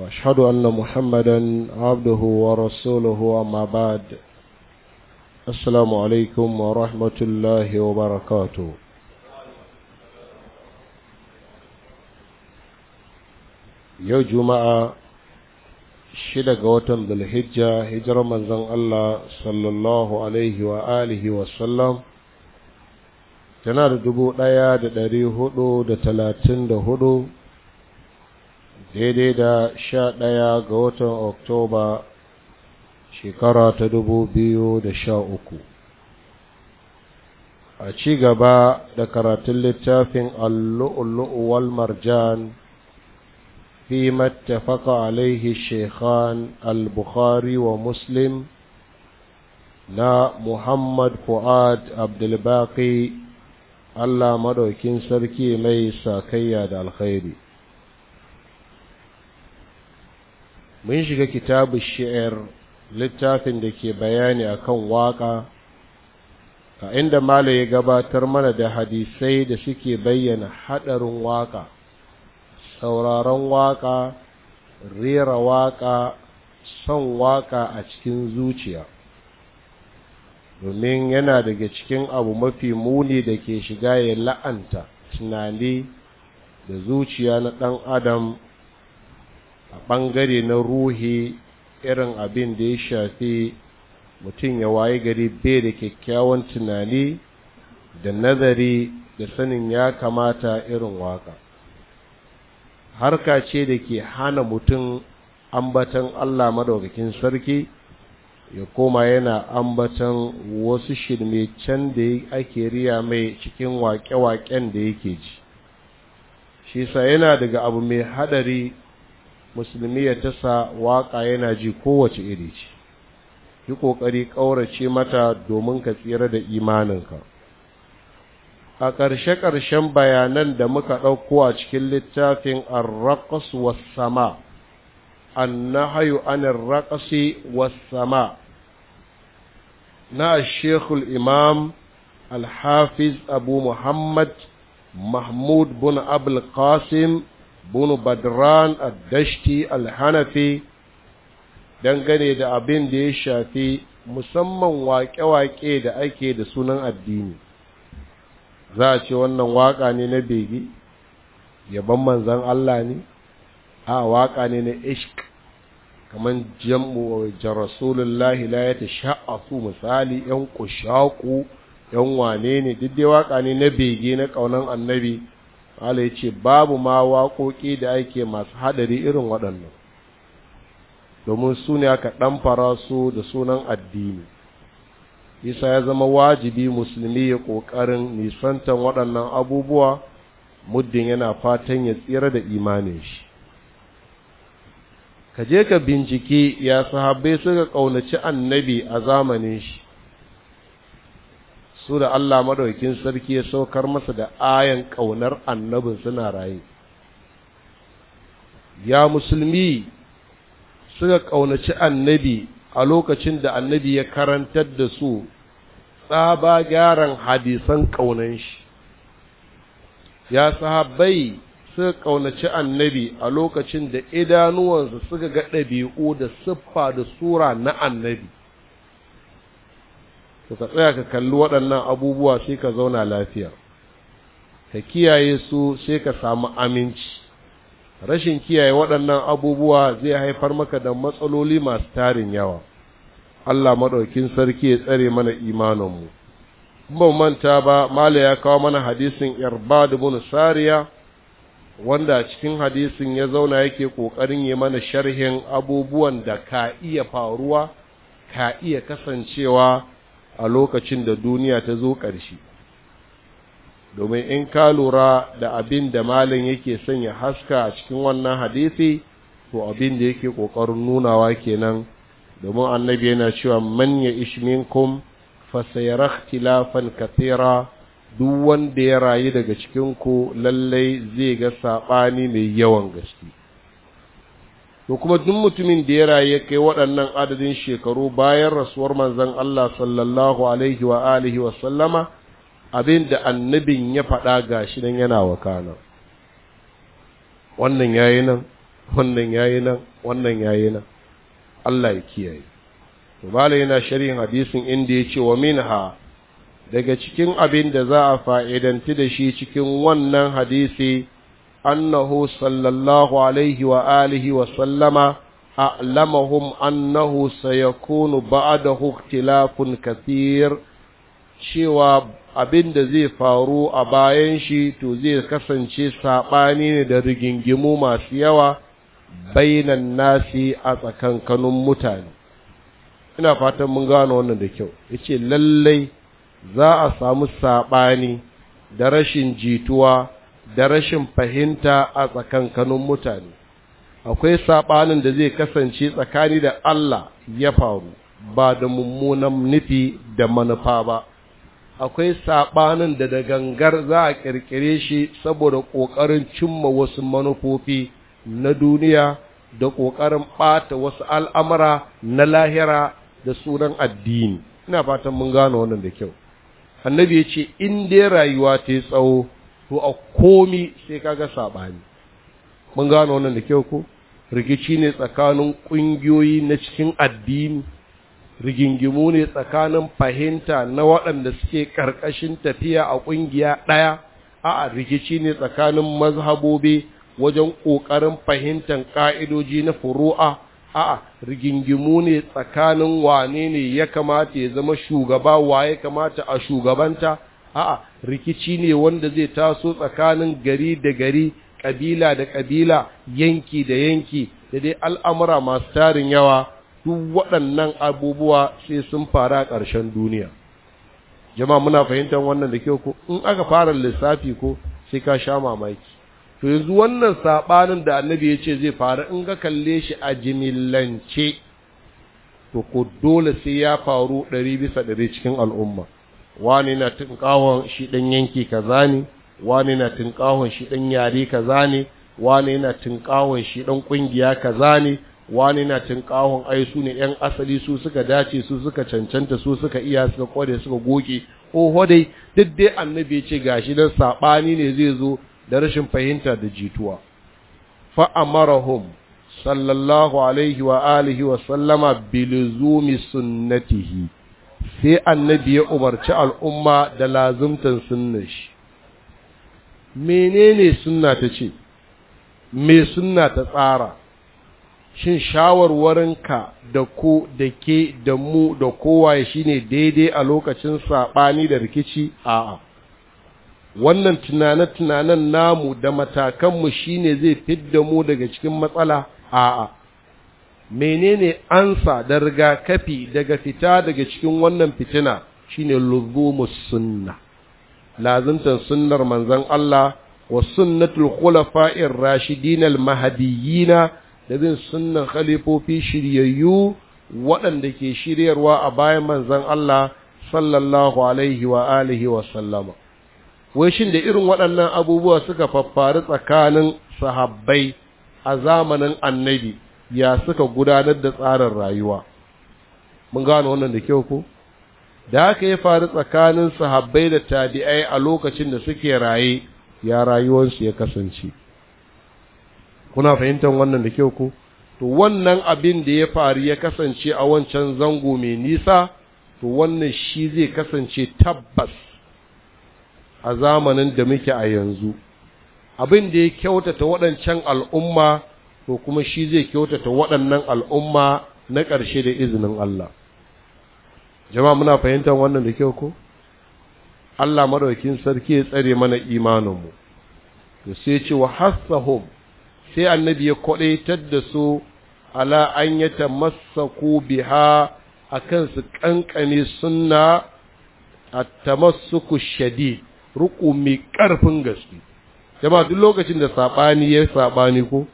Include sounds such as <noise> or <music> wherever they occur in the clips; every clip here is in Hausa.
واشهد ان محمدا عبده ورسوله اما بعد السلام عليكم ورحمه الله وبركاته يا جماعه shida ga watan zulhijja hijirar manzon Allah sallallahu alaihi wa alihi wa sallam tana da dubu ɗaya da ɗari hudu da talatin da hudu daidai da sha ɗaya ga watan oktoba shekara ta dubu biyu da sha uku a ci gaba da karatun littafin allu'ulu'u wal marjan fi mattafaka alaihi shekhan al-bukhari wa muslim na muhammad fu'ad abdulbaki allah madaukin sarki mai sakayya da alkhairi mun shiga kitabu shi'ar littafin da ke bayani akan waƙa, a inda mala ya gabatar mana da hadisai da suke bayyana haɗarin waka sauraron waƙa, rera waƙa, son waƙa a cikin zuciya domin yana daga cikin abu mafi muni da ke shiga ya la'anta tunani da zuciya na ɗan adam ɓangare na ruhi irin abin da ya shafi mutum ya waye gari bai da kyakkyawan tunani da nazari da sanin ya kamata irin waka harka ce da ke hana mutum ambatan Allah madaukakin sarki ya koma yana ambatan wasu shirme can da ake riya mai cikin waƙe-waƙen da yake ji shi sa yana daga abu mai hadari musulmi ya sa waƙa yana ji kowace iri ce yi ƙoƙari ƙaurace mata domin ka tsira da imaninka a ƙarshe-ƙarshen bayanan da muka ɗauko a cikin littafin arraƙas wasama an na hayu anin raƙasi wasama na shekul imam alhafiz abu muhammad mahmud bin abul qasim bunu badran ad alhanafi dangane da abin da ya shafi musamman waƙe-waƙe da ake da sunan addini za a ce wannan waƙa ne na bege yaban manzan Allah ne a waƙa ne na ishq kaman jam'u rasulullahi la ya tasha'afu misali yan kushaku yan wane ne duk dai waƙa ne na bege na ƙaunan annabi Allah ya ce babu ma waƙoƙi da ake masu haɗari irin waɗannan domin su ne aka fara su da sunan addini isa ya zama wajibi musulmi ya ƙoƙarin nisantar waɗannan abubuwa muddin yana fatan ya tsira da imanin shi ka je ka bincike ya sahabbai suka ƙaunaci annabi a zamanin shi su da Allah madaukin sarki ya saukar masa da ayan ƙaunar annabin suna raye ya musulmi suka ƙaunaci annabi a lokacin da annabi ya karantar da su tsaba gyaran hadisan ƙaunan shi ya sahabbai suka ƙaunaci annabi a lokacin da idanuwansu suka ga ɗabi'u da siffa da sura na annabi to ka tsaya ka kalli waɗannan abubuwa sai ka zauna lafiya ka kiyaye su sai ka samu aminci rashin kiyaye waɗannan abubuwa zai haifar maka da matsaloli masu tarin yawa Allah maɗaukin sarki ya tsare mana imaninmu ban manta ba mala ya kawo mana hadisin irbad bin sariya wanda cikin hadisin ya zauna yake ƙoƙarin yi mana sharhin abubuwan da ka iya faruwa ka iya kasancewa a lokacin da duniya ta zo ƙarshe domin in ka lura da abin da malin yake sanya haska a cikin wannan hadisi to abin da yake ƙoƙarin nunawa kenan domin annabi yana cewa man ya ishminkum fasayara ikhtilafan kathira duk wanda ya rayu daga cikin ku lallai zai ga saɓani mai yawan gaske to kuma duk mutumin da ya raye kai waɗannan adadin shekaru bayan rasuwar manzon Allah sallallahu alaihi wa alihi wa sallama abin da annabin ya faɗa gashi nan yana wakana wannan yayi nan wannan yayi nan wannan yayi nan Allah ya kiyaye to bala yana sharhin hadisin inda yace wa minha daga cikin abin da za a fa'idanti da shi cikin wannan hadisi أنه صلى الله عليه وآله وسلم أعلمهم أنه سيكون بعده اختلاف كثير شوى abin da zai faru a bayan shi to zai kasance saɓani ne da rigingimu masu yawa bainan nasi a tsakankanin mutane ina fatan mun gano wannan da kyau ya ce lallai za a samu saɓani da rashin jituwa da rashin fahimta a tsakankanin mutane akwai saɓanin da zai kasance tsakani da Allah ya faru ba da mummunan nufi da manufa ba akwai saɓanin da da gangar za a ƙirƙire shi saboda ƙoƙarin cimma wasu manufofi na duniya da ƙoƙarin ɓata wasu al'amura na lahira da sunan addini ina fatan mun gano wannan da kyau annabi ya ce in dai rayuwa ta yi tsawo to a komi sai kaga saɓani mun gano wannan da kyau ko rikici ne tsakanin ƙungiyoyi na cikin addini rigingimu ne tsakanin fahimta na waɗanda suke ƙarƙashin tafiya a ƙungiya ɗaya a rikici ne tsakanin mazhabobi wajen ƙoƙarin fahimtar ƙa'idoji na furu'a a rigingimu ne tsakanin wane ne ya kamata ya zama shugaba waye kamata a shugabanta a'a rikici ne wanda zai taso tsakanin gari da gari kabila da kabila yanki da yanki da dai al'amura masu tarin yawa duk waɗannan abubuwa sai sun fara a ƙarshen duniya Jama muna fahimtar wannan da kyau ko in aka fara lissafi ko sai ka sha mamaki to yanzu wannan saɓanin da annabi ya ce zai faru in ka kalle shi a jimillance to ko dole sai ya faru ɗari bisa ɗari cikin al'umma wani na tunkawon shi ɗan yanki kaza ne wani na tunkawon shi ɗan yare kaza ne wani na tunkawon shi ɗan ƙungiya kaza ne wani na tunkawon ai su ne ‘yan asali su suka dace su suka cancanta su suka iya suka kware suka goge oho dai duk dai annabi ce gashi dan saɓani ne zai zo da rashin fahimta da jituwa amarahum sallallahu alaihi wa alihi wa sallama bilizumi sunnatihi sai annabi ya umarci al'umma da lazumtan sunna shi menene sunna ta ce me sunna ta tsara shin shawarwarinka da ku da ke da mu da kowa shine daidai a lokacin saɓani da rikici a'a wannan tunane-tunanen namu da matakanmu shine zai fidda mu daga cikin matsala a'a menene ansa da rigakafi daga fita daga cikin wannan fitina shine lugumu sunna lazimtan sunnar manzon Allah wa sunnatul khulafa'ir rashidin al mahdiyina da bin sunnan khalifofi shiryayyu waɗanda ke shiryarwa a bayan manzon Allah sallallahu alaihi wa alihi wa sallama wai shin da irin waɗannan abubuwa suka faffaru tsakanin sahabbai a zamanin annabi ya suka gudanar da tsarin rayuwa mun gano wannan da kyau ko da haka ya faru tsakanin sahabbai da tabi'ai a lokacin da suke raye ya rayuwarsu ya kasance kuna fahimtar wannan da kyau ko to wannan abin da ya faru ya kasance a wancan zango mai nisa to wannan shi zai kasance tabbas a zamanin da muke a yanzu abin da ya kyautata waɗancan al'umma ko kuma shi zai kyautata waɗannan al'umma na ƙarshe da izinin Allah jama'a muna fahimtar wannan da kyau ko Allah madaukin sarki ya tsare mana imaninmu to sai ce wa hassahum sai annabi ya kwadaitar da su ala an ya tamassaku biha a akan su kankane sunna at-tamassuku shadid ruku mai ƙarfin gaske jama'a duk lokacin da saɓani ya saɓani ko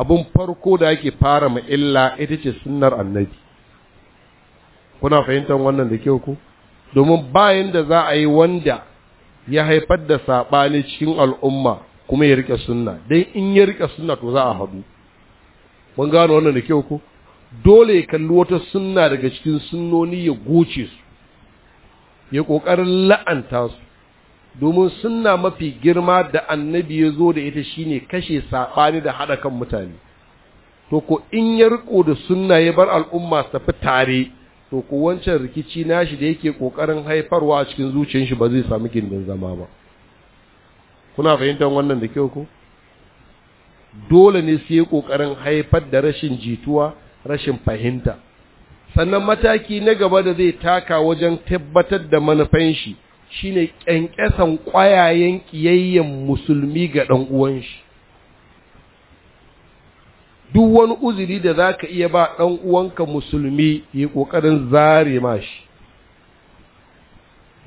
abun farko da ake fara ma illa ita ce sunnar annabi kuna fahimtar wannan da kyau ku domin bayan da za a yi wanda ya haifar da saɓani cikin al'umma kuma ya rike sunna dai in ya rike sunna to za a haɗu mun gano wannan da kyau ku? dole ya kalli wata sunna daga cikin sunnoni ya goce su ya ƙoƙarin la'anta su domin sunna mafi girma da annabi ya zo da ita shine kashe saɓani da haɗa kan mutane to ko in ya riko da sunna ya bar al'umma su tafi tare to ko wancan rikici nashi da yake ƙoƙarin haifarwa a cikin zuciyar shi ba zai samu gindin zama ba kuna fahimtar wannan da kyau ko dole ne su yi ƙoƙarin haifar da rashin jituwa rashin fahimta sannan mataki na gaba da zai taka wajen tabbatar da manufan shi shine kyankyasan ƙwayayen ƙiyayyen musulmi ga ɗan uwan shi duk wani uzuri da za ka iya ba ɗan uwanka musulmi yi ƙoƙarin zare ma shi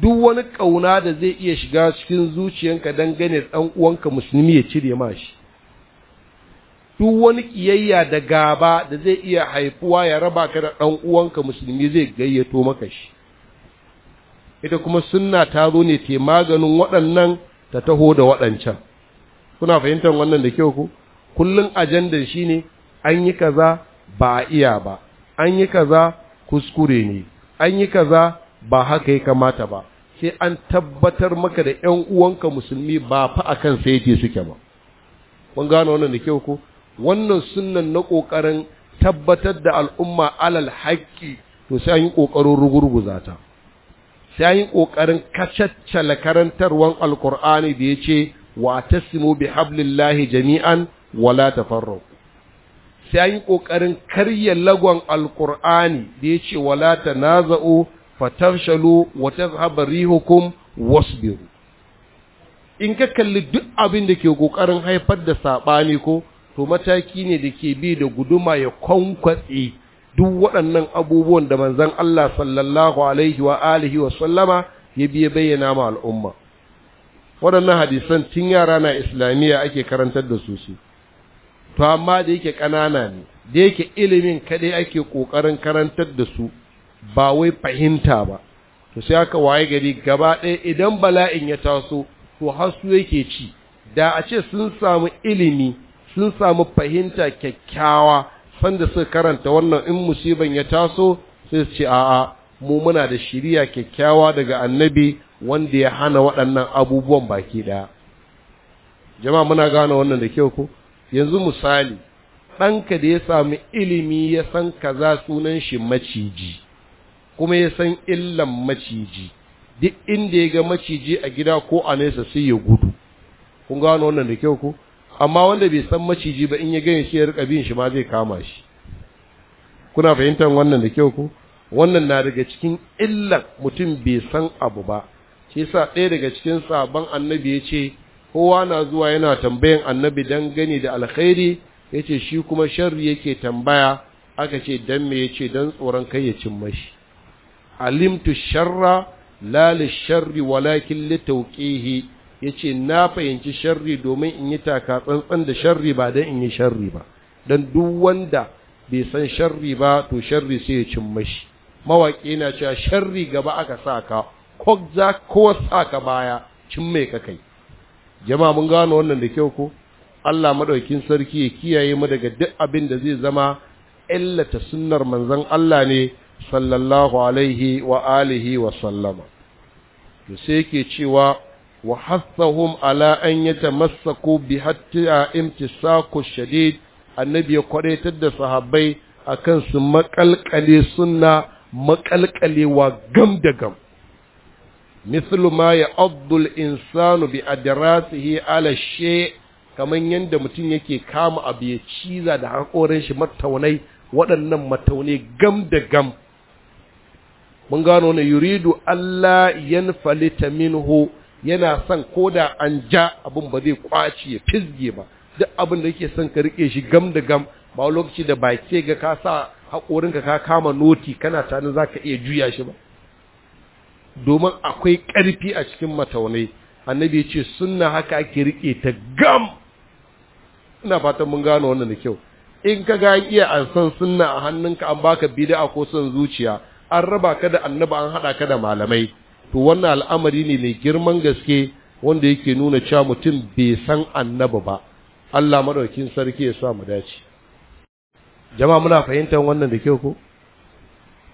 duk wani ƙauna da zai iya shiga cikin zuciyanka dangane ɗan uwanka musulmi ya cire ma shi duk wani kiyayya da gaba da zai iya haifuwa ya raba ka da ɗan uwanka musulmi zai gayyato maka shi ita kuma sunna ta zo ne ta maganin waɗannan ta taho da waɗancan kuna fahimtar wannan da kyau ku kullun ajandar shine an yi kaza ba a iya ba an yi kaza kuskure ne an yi kaza ba haka ya kamata ba sai an tabbatar maka da ƴan uwanka musulmi ba fa akan sai yake suke ba kun gano wannan da kyau ko wannan sunnan na kokarin tabbatar da al'umma alal haqqi to sai an yi kokarin rugurguza ta sai yin ƙoƙarin kacaccala karantarwan alkur'ani da ya ce wa tasimu bi hablillahi jami'an wala tafarraqu sai ƙoƙarin karya lagon alkur'ani da ya ce wala tanaza'u fatafshalu wa tazhaba rihukum wasbiru in ka kalli duk abin da ke ƙoƙarin haifar da saɓani ko to mataki ne da ke bi da guduma ya kwankwatse duk waɗannan abubuwan da manzon Allah sallallahu alaihi wa alihi wa sallama ya biye bayyana ma al'umma waɗannan hadisan tun yara na islamiyya ake karantar da su su to amma da yake ƙanana ne da yake ilimin kaɗai ake ƙoƙarin karantar da su ba wai fahimta ba to sai aka waye gari gaba ɗaya idan bala'in ya taso to har su yake ci da a ce sun samu ilimi sun samu fahimta kyakkyawa sanda suka karanta wannan in musiban ya taso sai su ce a'a mu muna da shiriya kyakkyawa daga annabi wanda ya hana waɗannan abubuwan baki ɗaya jama'a muna gane wannan da kyau ko yanzu misali ɗanka da ya sami ilimi ya san kaza sunan shi maciji kuma ya san illan maciji duk inda ya ga maciji a gida ko a nesa sai ya gudu kun gano wannan da kyau ko amma wanda bai san maciji ba in ya gani shi ya rika bin shi ma zai kama shi kuna fahimtar wannan da kyau ko wannan na daga cikin illar mutum bai san abu ba shi yasa ɗaya daga cikin sabon annabi ya ce kowa na zuwa yana tambayan annabi dan gani da alkhairi ya ce shi kuma sharri yake tambaya aka ce dan me ya ce dan tsoron kai ya cin mashi alimtu sharra la sharri walakin li Ya ce na fahimci sharri domin in yi taka tsantsan da sharri ba don in yi sharri ba don duk wanda bai san sharri ba to sharri sai ya cin mashi mawaƙi na cewa sharri gaba aka sa ka ko za ko sa ka baya cin mai ka kai jama'a mun gano wannan da kyau ko Allah madaukin sarki ya kiyaye mu daga duk abin da zai zama illata sunnar manzon Allah ne sallallahu alaihi wa alihi wa sallama to sai yake cewa wa hassahum ala an yatamassaku bi hatta imtisaku shadid annabi ya kwadaitar da sahabbai akan su makalkale sunna maƙalƙalewa gam da gam mithlu ma ya'addu al-insanu bi adrasihi ala shay kaman yanda mutum yake kama abu ya ciza da hakorin shi mataunai waɗannan mataunai gam da gam mun gano ne yuridu Allah yanfalita minhu yana son ko da an ja abin ba zai kwaci ya fizge ba duk abin da yake son ka rike shi gam da gam ba lokaci da baki ga ka sa haƙorinka ka kama noti kana tani za ka iya juya shi ba domin akwai ƙarfi a cikin mataunai annabi ya ce sunna haka ake rike ta gam ina fatan mun gano wannan da kyau in ka ga iya an san sunna a hannunka an baka bid'a ko son zuciya an raba ka da annaba an haɗa ka da malamai to wannan al'amari ne mai girman gaske wanda yake nuna cewa mutum bai san annaba ba Allah madaukin sarki ya sa mu dace jama'a muna fahimtar wannan da kyau ko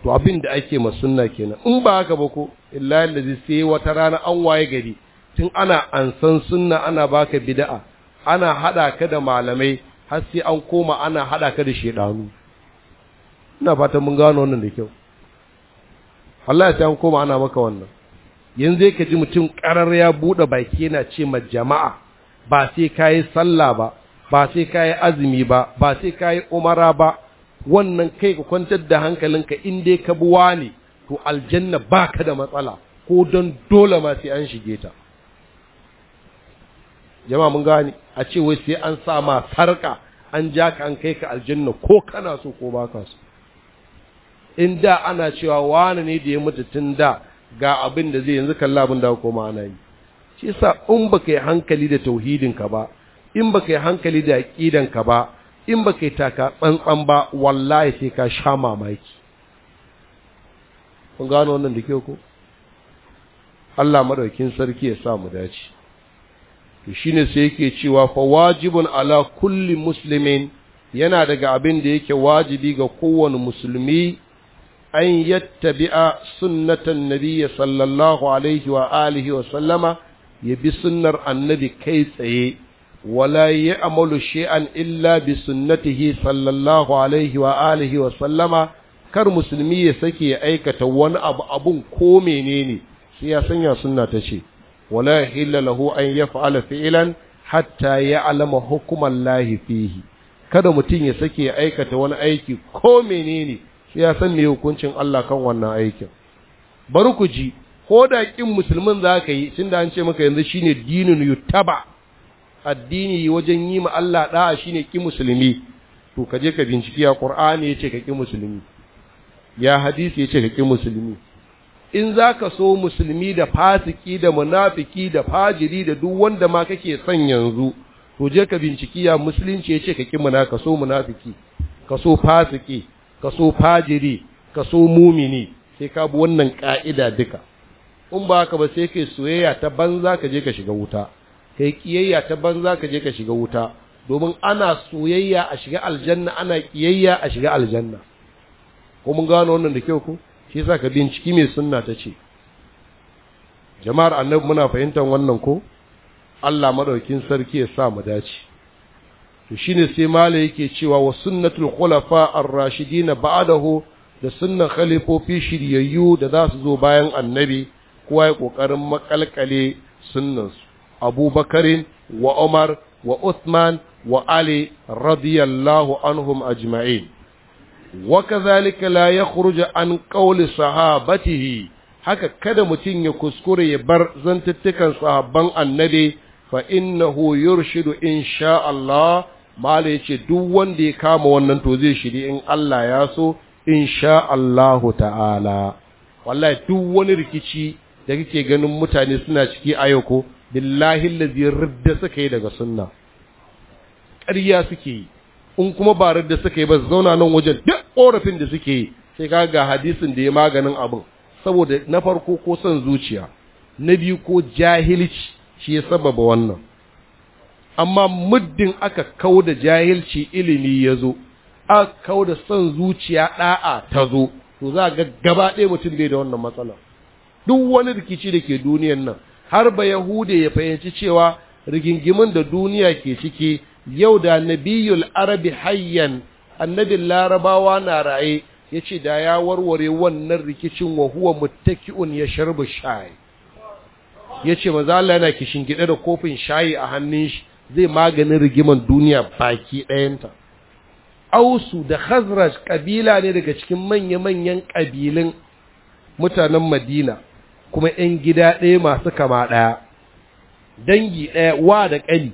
to abin da ake ma sunna kenan in ba haka ba ko illa allazi sai wata rana an waye gari tun ana ansan sunna ana baka bid'a ana hada ka da malamai har sai an koma ana hada ka da shedanu ina fatan mun gano wannan da kyau Allah ya sai an koma ana maka wannan yanzu ka ji mutum karar ya buɗe baki yana ce ma jama'a ba sai ka yi sallah ba ba sai ka yi azumi ba ba sai ka yi umara ba wannan kai ka kwantar da hankalinka in dai ka buwa ne to aljanna ba ka da matsala ko don dole ma sai an shige ta jama'a mun gane a ce wai sai an sa ma sarka an ja ka an kai ka aljanna ko kana so ko ba ka so in da ana cewa wani ne da ya mutu tun da ga abin da zai yanzu kalla abin da koma ana yi shi yasa in baka yi hankali da tauhidin ka ba in baka yi hankali da aqidan ka ba in baka yi taka tsantsan ba wallahi sai ka sha mamaki kun gano wannan da ke ko Allah madaukin sarki ya sa mu dace to shine sai yake cewa fa wajibun ala kulli muslimin yana daga abin da yake wajibi ga kowane musulmi an yattabi'a sunnatan Nabiya sallallahu alaihi wa alihi wa sallama ya bi sunnar annabi kai tsaye wala ya amalu shay'an illa bi sunnatihi sallallahu alaihi wa alihi wa sallama kar musulmi ya sake ya aikata wani abu abun ko menene sai ya sanya sunna ta ce wala hilla lahu an yaf'ala fi'lan hatta ya'lama hukuman lahi fihi kada mutum ya sake ya aikata wani aiki ko menene shi ya san meye hukuncin Allah kan wannan aikin bari ku ji ko da kin musulmin za ka yi da an ce maka yanzu shine dinin yuttaba addini wajen yi ma Allah da'a shine kin musulmi to ka je ka binciki ya Qur'ani ce ka kin musulmi ya hadisi ce ka kin musulmi in za ka so musulmi da fasiki da munafiki da fajiri da duk wanda ma kake son yanzu to je ka binciki ya musulunci ce ka ki muna ka so munafiki ka so fasiki ka so fajiri ka so mumini sai ka bi wannan ka'ida duka in ba haka ba sai kai soyayya ta banza ka je ka shiga wuta kai kiyayya ta banza ka je ka shiga wuta domin ana soyayya a shiga aljanna ana kiyayya a shiga aljanna ko mun gano wannan da kyau ko shi yasa ka binciki mai sunna ta ce jama'ar annabi muna fahimtar wannan ko Allah madaukin sarki ya sa mu dace to shine sai mala yake cewa wa sunnatul khulafa ar-rashidin ba'dahu da sunnan khalifofi shiryayyu da za su zo bayan annabi kowa ya kokarin makalkale sunnan su abubakarin wa umar wa uthman wa ali radiyallahu anhum ajma'in wa kadhalika la yakhruju an qawli sahabatihi haka kada mutum ya kuskure ya bar zantattukan sahabban annabi fa innahu yurshidu insha Allah mala ce duk wanda ya kama wannan to zai shiri in Allah ya so insha Allahu ta'ala wallahi duk wani rikici da kake ganin mutane suna ciki a yau ko billahi allazi ridda suka yi daga sunna ƙarya suke yi in kuma ba ridda suka yi ba zauna nan wajen duk ƙorafin da suke yi sai ka ga hadisin da ya maganin abin saboda na farko ko son zuciya na biyu ko jahilci shi ya sababa wannan amma muddin aka kau da jahilci ilimi ya zo aka kau da son zuciya ɗa'a ta zo to za ga gaba ɗaya mutum bai da wannan matsala duk wani rikici da ke duniyan nan har ba yahude ya fahimci cewa rigingimin da duniya ke ciki yau da nabiyul arabi hayyan annabin larabawa na raye ya ce da ya warware wannan rikicin wa huwa ya sharbi shayi ya ce maza Allah yana kishin gida da kofin shayi a hannun shi zai maganin rigiman duniya baki ɗayanta ausu da khazraj kabila ne daga cikin manya-manyan kabilun mutanen madina kuma 'yan gida ɗaya masu kama ɗaya dangi ɗaya wa da ƙani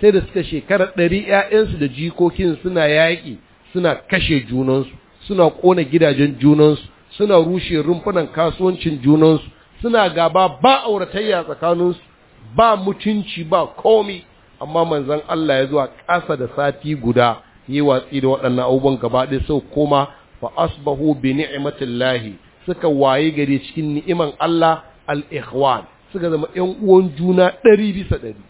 sai da suka shekarar ɗari 'ya'yansu da jikokin suna yaƙi suna kashe junansu suna ƙona gidajen junansu suna rushe rumfunan kasuwancin junansu suna gaba ba auratayya tsakaninsu ba mutunci ba komi amma manzon Allah ya zuwa ƙasa da sati guda yi watsi da waɗannan abubuwan gaba ɗaya sau koma fa asbahu bi ni'matillahi suka waye gare cikin ni'iman Allah al-ikhwan suka zama ƴan uwan juna ɗari bisa ɗari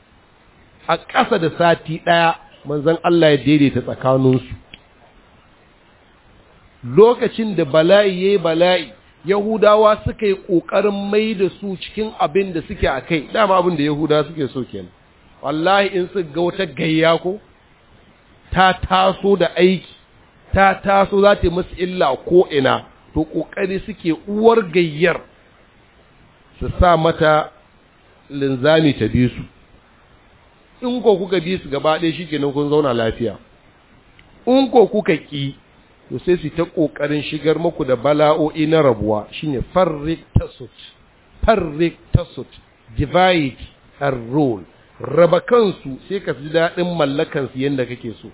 a ƙasa da sati ɗaya manzon Allah ya daidaita tsakaninsu lokacin da bala'i yayi bala'i Yahudawa suka yi ƙoƙarin mai da su cikin abin da suke a kai, dama abin da Yahudawa suke so kenan. wallahi in su ga wata gayya ko ta taso da aiki ta taso za ta yi musu illa ko ina to kokari suke uwar gayyar su sa mata linzami ta bi su in ko kuka bi su gaba ɗaya shi kenan kun zauna lafiya in ko kuka ƙi to sai su ta ƙoƙarin shigar muku da bala'o'i na rabuwa shine farrik tasut farrik tasut divide and rule raba kansu sai ka fi daɗin mallakansu yadda kake so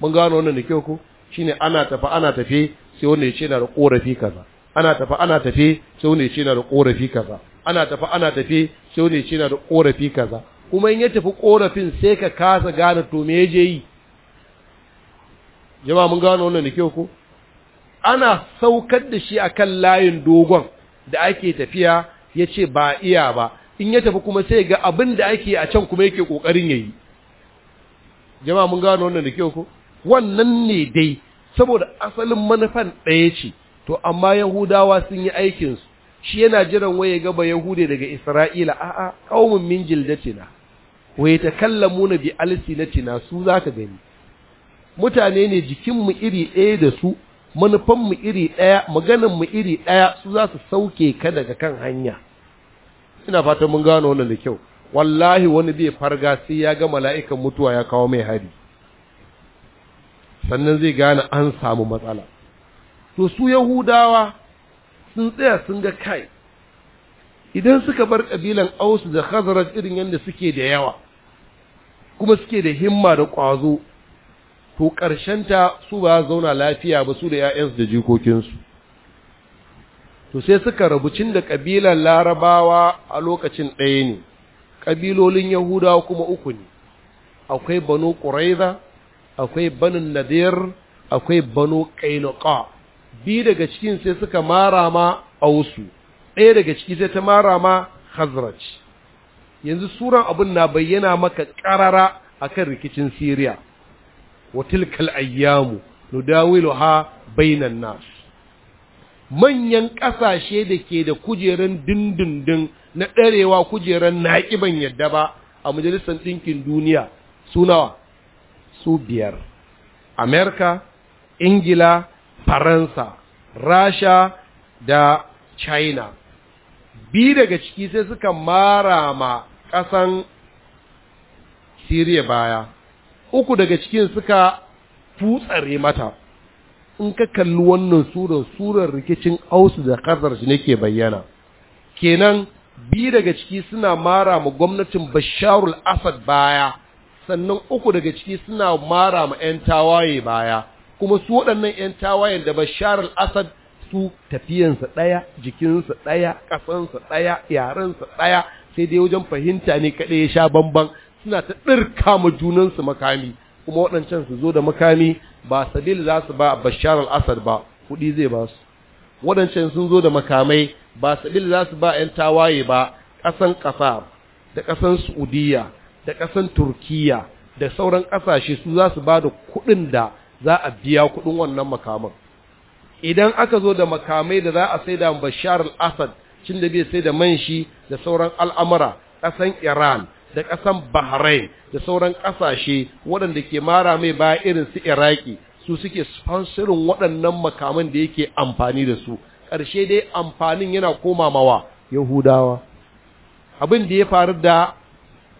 mun gano wannan da kyau ko shine ana tafa ana tafe sai wanda ya ce na da korafi kaza ana tafa ana tafe sai wanda ya ce na da korafi kaza ana tafa ana tafe sai wanda ya ce na da korafi kaza kuma in ya tafi korafin sai ka kasa gane to me je yi jama'a mun gano wannan da kyau ko ana saukar da shi akan layin dogon da ake tafiya ya ce ba iya ba in ya tafi kuma sai ga abin da ake a can kuma yake kokarin yi jama'a mun gano wannan da kyau ko wannan ne dai saboda asalin manufan ɗaya ce to amma yahudawa sun yi aikin su shi yana jiran waye gaba yahude daga isra'ila a'a qaumun min jildatina kallamu na bi alsinatina su zaka gani mutane ne jikinmu iri ɗaya da su manufanmu iri ɗaya maganarmu iri ɗaya su za su sauke ka daga kan hanya ina fatan mun gano wannan da kyau wallahi wani bai farga sai ya ga mala'ikan mutuwa ya kawo mai hari sannan zai gane an samu matsala to su yahudawa sun tsaya sun ga kai idan suka bar kabilan ausu da khazraj irin yadda suke da yawa kuma suke da himma da ƙwazo to ta su ba zauna lafiya ba su da ‘ya'yansu da jikokinsu to sai suka rabu cin da ƙabilar larabawa a lokacin ɗaya ne ƙabilolin yahudawa kuma uku ne akwai banu ƙuraiza akwai banin nadir akwai banu ƙainuka bi daga cikin sai suka mara ma ausu ɗaya daga ciki sai ta mara ma hazrat yanzu suran abin na bayyana maka ƙarara kan rikicin siriya wa tilkal ayyamu ha bainan nas manyan ƙasashe da ke da kujerun dindindin na ɗarewa kujerun naƙiban ban yadda ba a majalisar ɗinkin duniya su nawa su biyar amerika ingila faransa rasha da china bi daga ciki sai suka mara ma ƙasan siriya baya uku daga cikin suka futsare mata in ka kalli wannan surar surar rikicin ausu da kasar shi nake bayyana kenan bi daga ciki suna mara ma gwamnatin basharul asad baya sannan uku daga ciki suna mara ma 'yan tawaye baya kuma su waɗannan 'yan tawayen da basharul asad su tafiyansa ɗaya jikinsa ɗaya ƙasansa ɗaya yarensa ɗaya sai dai wajen fahimta ne kaɗai ya sha bamban suna ta ɗirka ma junansu makami kuma waɗancan su zo da makami ba sabil za su ba bashar al-asad ba kuɗi zai ba su waɗancan sun zo da makamai ba sabil za su ba 'yan tawaye ba ƙasan ƙasa da ƙasan saudiya da ƙasan turkiya da sauran ƙasashe su za su ba da kuɗin da za a biya kuɗin wannan makaman idan aka zo da makamai da za a sai da bashar al-asad cin da bai sai da man shi da sauran al'amura ƙasan iran da ƙasan bahrain da sauran ƙasashe waɗanda ke mara mai baya irin su iraki su suke sponsorin waɗannan makaman da yake amfani da su ƙarshe dai amfanin yana koma mawa yahudawa abin da ya faru da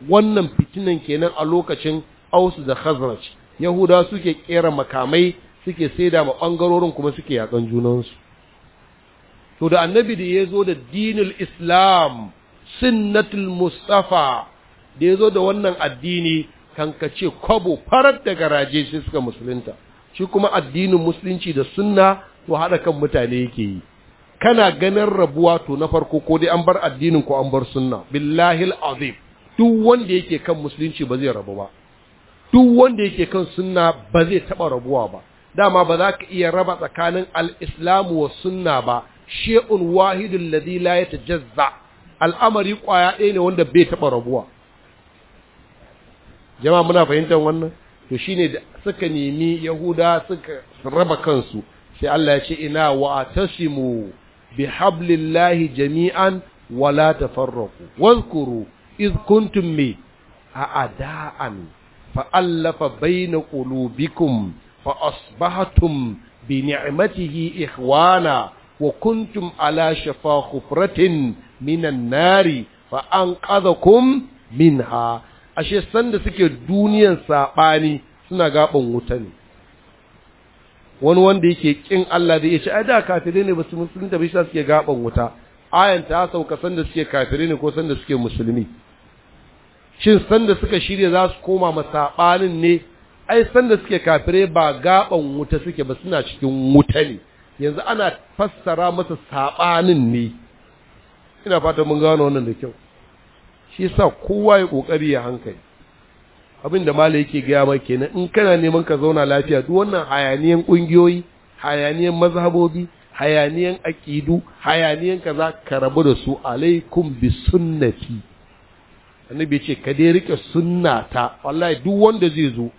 wannan fitinan kenan a lokacin ausu da khazraj yahudawa suke kera makamai suke saida ma bangarorin kuma suke yakan junansu to da annabi da ya zo da dinul islam sunnatul mustafa da ya zo da wannan addini kan ka ce kwabo farar da garaje sai suka musulunta shi kuma addinin musulunci da sunna to haɗa kan mutane yake yi kana ganin rabuwa to na farko ko dai an bar addinin ko an bar sunna billahi azim duk wanda yake kan musulunci ba zai rabu ba duk wanda yake kan sunna ba zai taɓa rabuwa ba dama ba za ka iya raba tsakanin al'islamu wa sunna ba shi'un wahidun ladhi la yatajazza al'amari kwaya ɗaya ne wanda bai taba rabuwa jama'a muna fahimtar wannan to shine da suka nemi yahuda suka raba kansu sai Allah ya ce ina wa atasimu bi hablillahi jami'an wala tafarraqu wazkuru iz kuntum mi a'da'an allafa baina qulubikum fa asbahatum bi ni'matihi ikhwana wa kuntum ala shafa khufratin minan nari fa anqadhakum minha ashe sanda suke duniyan saɓani suna gaban wuta ne wani wanda yake kin Allah da ce ai da kafirai ne basu musulunta ba shi suke gaban wuta ayan ta sauka sanda suke kafirai ne ko sanda suke musulmi shin sanda suka shirya za su koma masabanin ne ai sanda suke kafire ba gaban wuta suke ba suna cikin wuta ne yanzu ana fassara masa saɓanin ne ina fata mun gano wannan da kyau shi yasa kowa ya kokari ya hankali abin da malai yake gaya maka kenan in kana neman ka zauna lafiya duk wannan hayaniyan kungiyoyi hayaniyan mazhabobi hayaniyan aqidu hayaniyan kaza ka rabu da su alaikum bi sunnati annabi ya ce ka dai rike sunnata wallahi duk wanda zai zo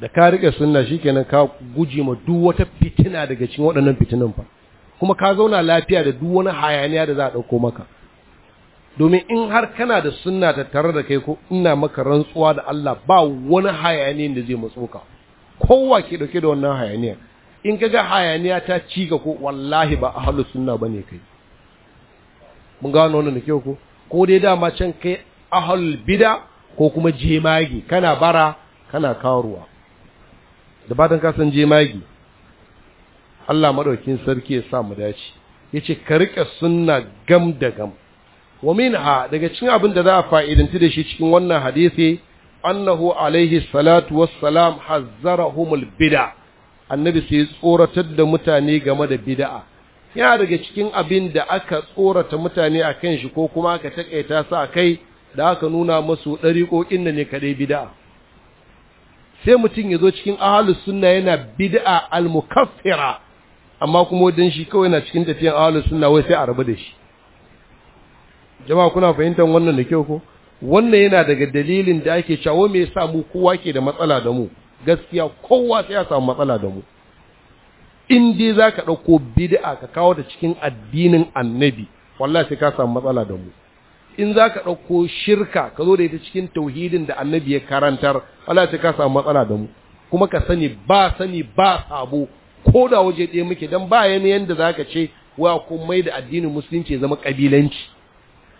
da ka rike sunna shikenan ka guje ma duk wata fitina daga cikin waɗannan fitinan fa kuma ka zauna lafiya da duk wani hayaniya da za a ɗauko maka domin in har kana da sunna ta tare da kai ko ina maka rantsuwa da Allah ba wani hayaniyan da zai matso ka kowa ke dauke da wannan hayaniya in ka ga hayaniya ta ci ga ko wallahi ba ahlus sunna bane kai mun gano wannan da kyau ko ko dai dama can kai ahlul bid'a ko kuma jemagi kana bara kana karuwa da batan ka san jemagi Allah maɗaukin sarki ya sa mu dace yace ka rika sunna gam da gam wa minha daga cikin abin da za a fa'idanci da shi cikin wannan hadisi annahu alaihi salatu wassalam hazzarahumul bid'a annabi sai tsoratar da mutane game da bida'a. yana daga cikin abin da aka tsorata mutane akan shi ko kuma aka takaita su kai da aka nuna musu dariƙoƙin da ne kadai bida'a. sai mutum ya zo cikin ahlus sunna yana bid'a al-mukaffira amma kuma wajen shi kawai na cikin tafiyan ahlus suna wai sai a rabu da shi jama'a kuna fahimtar wannan da kyau ko wannan yana daga dalilin da ake cewa me yasa mu kowa ke da matsala da mu gaskiya kowa sai ya samu matsala da mu in dai zaka dauko bid'a ka kawo ta cikin addinin annabi wallahi sai ka samu matsala da mu in zaka dauko shirka ka zo da ita cikin tauhidin da annabi ya karantar wallahi sai ka samu matsala da mu kuma ka sani ba sani ba sabo ko da waje ɗaya muke don ba yana yadda za ka ce wa kun mai da addinin musulunci zama ƙabilanci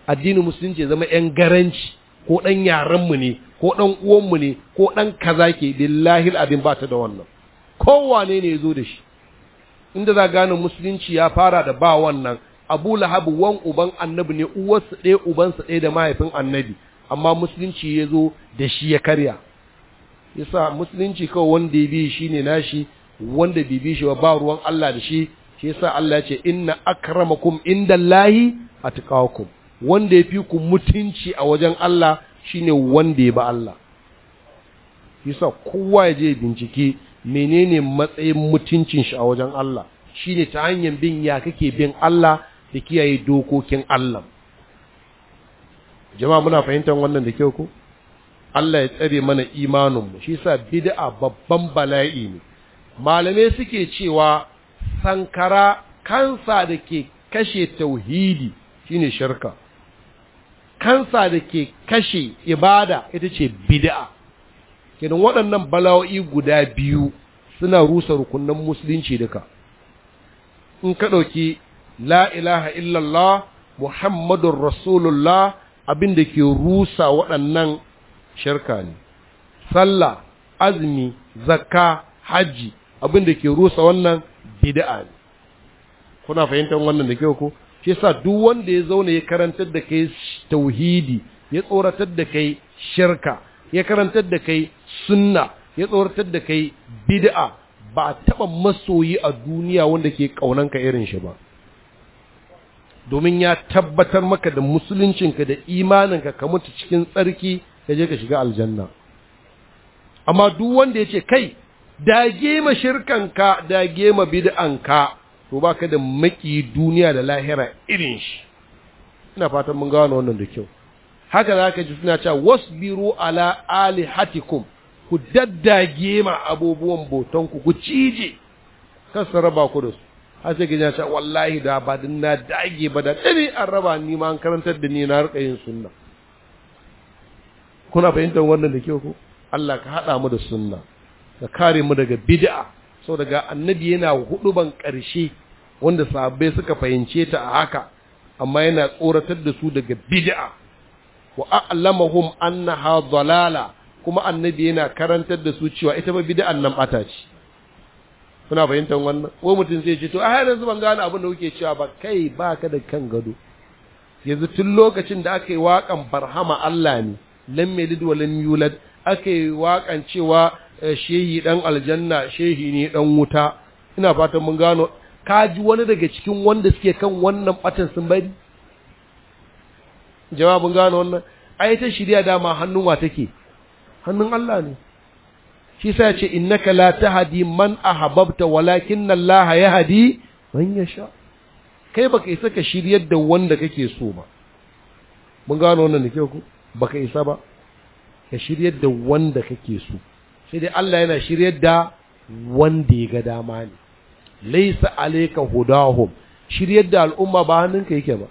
addinin musulunci zama ƴan garanci ko ɗan yarenmu ne ko ɗan uwanmu ne ko ɗan kaza ke billahi abin ba ta da wannan kowane ne ya zo da shi inda za gane musulunci ya fara da ba wannan abu lahabu wan uban annabi ne uwarsa ɗaya ubansa ɗaya da mahaifin annabi amma musulunci ya zo da shi ya karya yasa musulunci kawai wanda ya bi shi ne nashi wanda bibi shi ba ruwan Allah da shi shi yasa Allah ya ce inna akramakum indallahi atqakum wanda ya fi ku mutunci a wajen Allah shine wanda ya ba Allah Shi yasa kowa ya je bincike menene matsayin mutuncin shi a wajen Allah shine ta hanyar bin ya kake bin Allah da kiyaye dokokin Allah jama'a muna fahimtar wannan da kyau ko Allah ya tsare mana mu shi yasa bid'a babban bala'i ne malamai suke cewa sankara kansa da ke kashe tauhidi shine shirka kansa da ke kashe ibada ita ce bid'a kenan waɗannan bala'o'i guda biyu suna rusa rukunan musulunci duka in ka ɗauki la ilaha illallah muhammadun rasulullah abin da ke rusa waɗannan shirka ne sallah azumi zakka hajji abin da ke rusa wannan bid'a ne kuna fahimtar wannan da kyau ko shi yasa duk wanda ya zauna ya karantar da kai tauhidi ya tsoratar da kai shirka ya karantar da kai sunna ya tsoratar da kai bid'a ba a taba masoyi a duniya wanda ke kaunan ka irin shi ba domin ya tabbatar maka da musuluncinka da imaninka ka mutu cikin tsarki ka je ka shiga aljanna amma duk wanda ya ce kai dage ma shirkanka dage ma bid'anka to baka da maki duniya da lahira irin shi ina fatan mun gano wannan da kyau haka zaka ji suna cewa wasbiru ala alihatikum ku dadda gema abubuwan boton ku ku cije kan raba ku da su har sai gina cewa wallahi da ba din na dage ba da tsini an raba ni ma an karantar da ni na rika yin sunna kuna fahimtar wannan da kyau ko Allah ka haɗa mu da sunna ka kare mu daga bid'a sau daga annabi yana huduban ƙarshe wanda sahabbai suka fahimce ta a haka amma yana tsoratar da su daga bid'a wa a'lamahum annaha dalala kuma annabi yana karantar da su cewa ita ba bid'an nan bata ce kuna fahimtar wannan ko mutum zai ce to a yanzu ban gane abin da kuke cewa ba kai baka da kan gado yanzu tun lokacin da aka yi wakan barhama Allah ne lam yalid wa lam yulad aka yi waƙan cewa Eh, shehi dan aljanna shehi ne dan wuta ina fatan mun gano ka ji wani daga cikin wanda suke kan wannan batan sun bari jawabin gano wannan ai ta shirya dama hannun wa take hannun Allah ne shi sa ya ce innaka la tahdi man ahbabta walakin Allah yahdi man yasha kai baka isa ka shiryar da wanda kake so ba mun gano wannan da ke ku baka isa ba ka shiryar da wanda kake so sai dai Allah yana shiryar da wanda ya ga dama ne laisa alayka hudahum shiryar da al'umma ba hannunka yake ba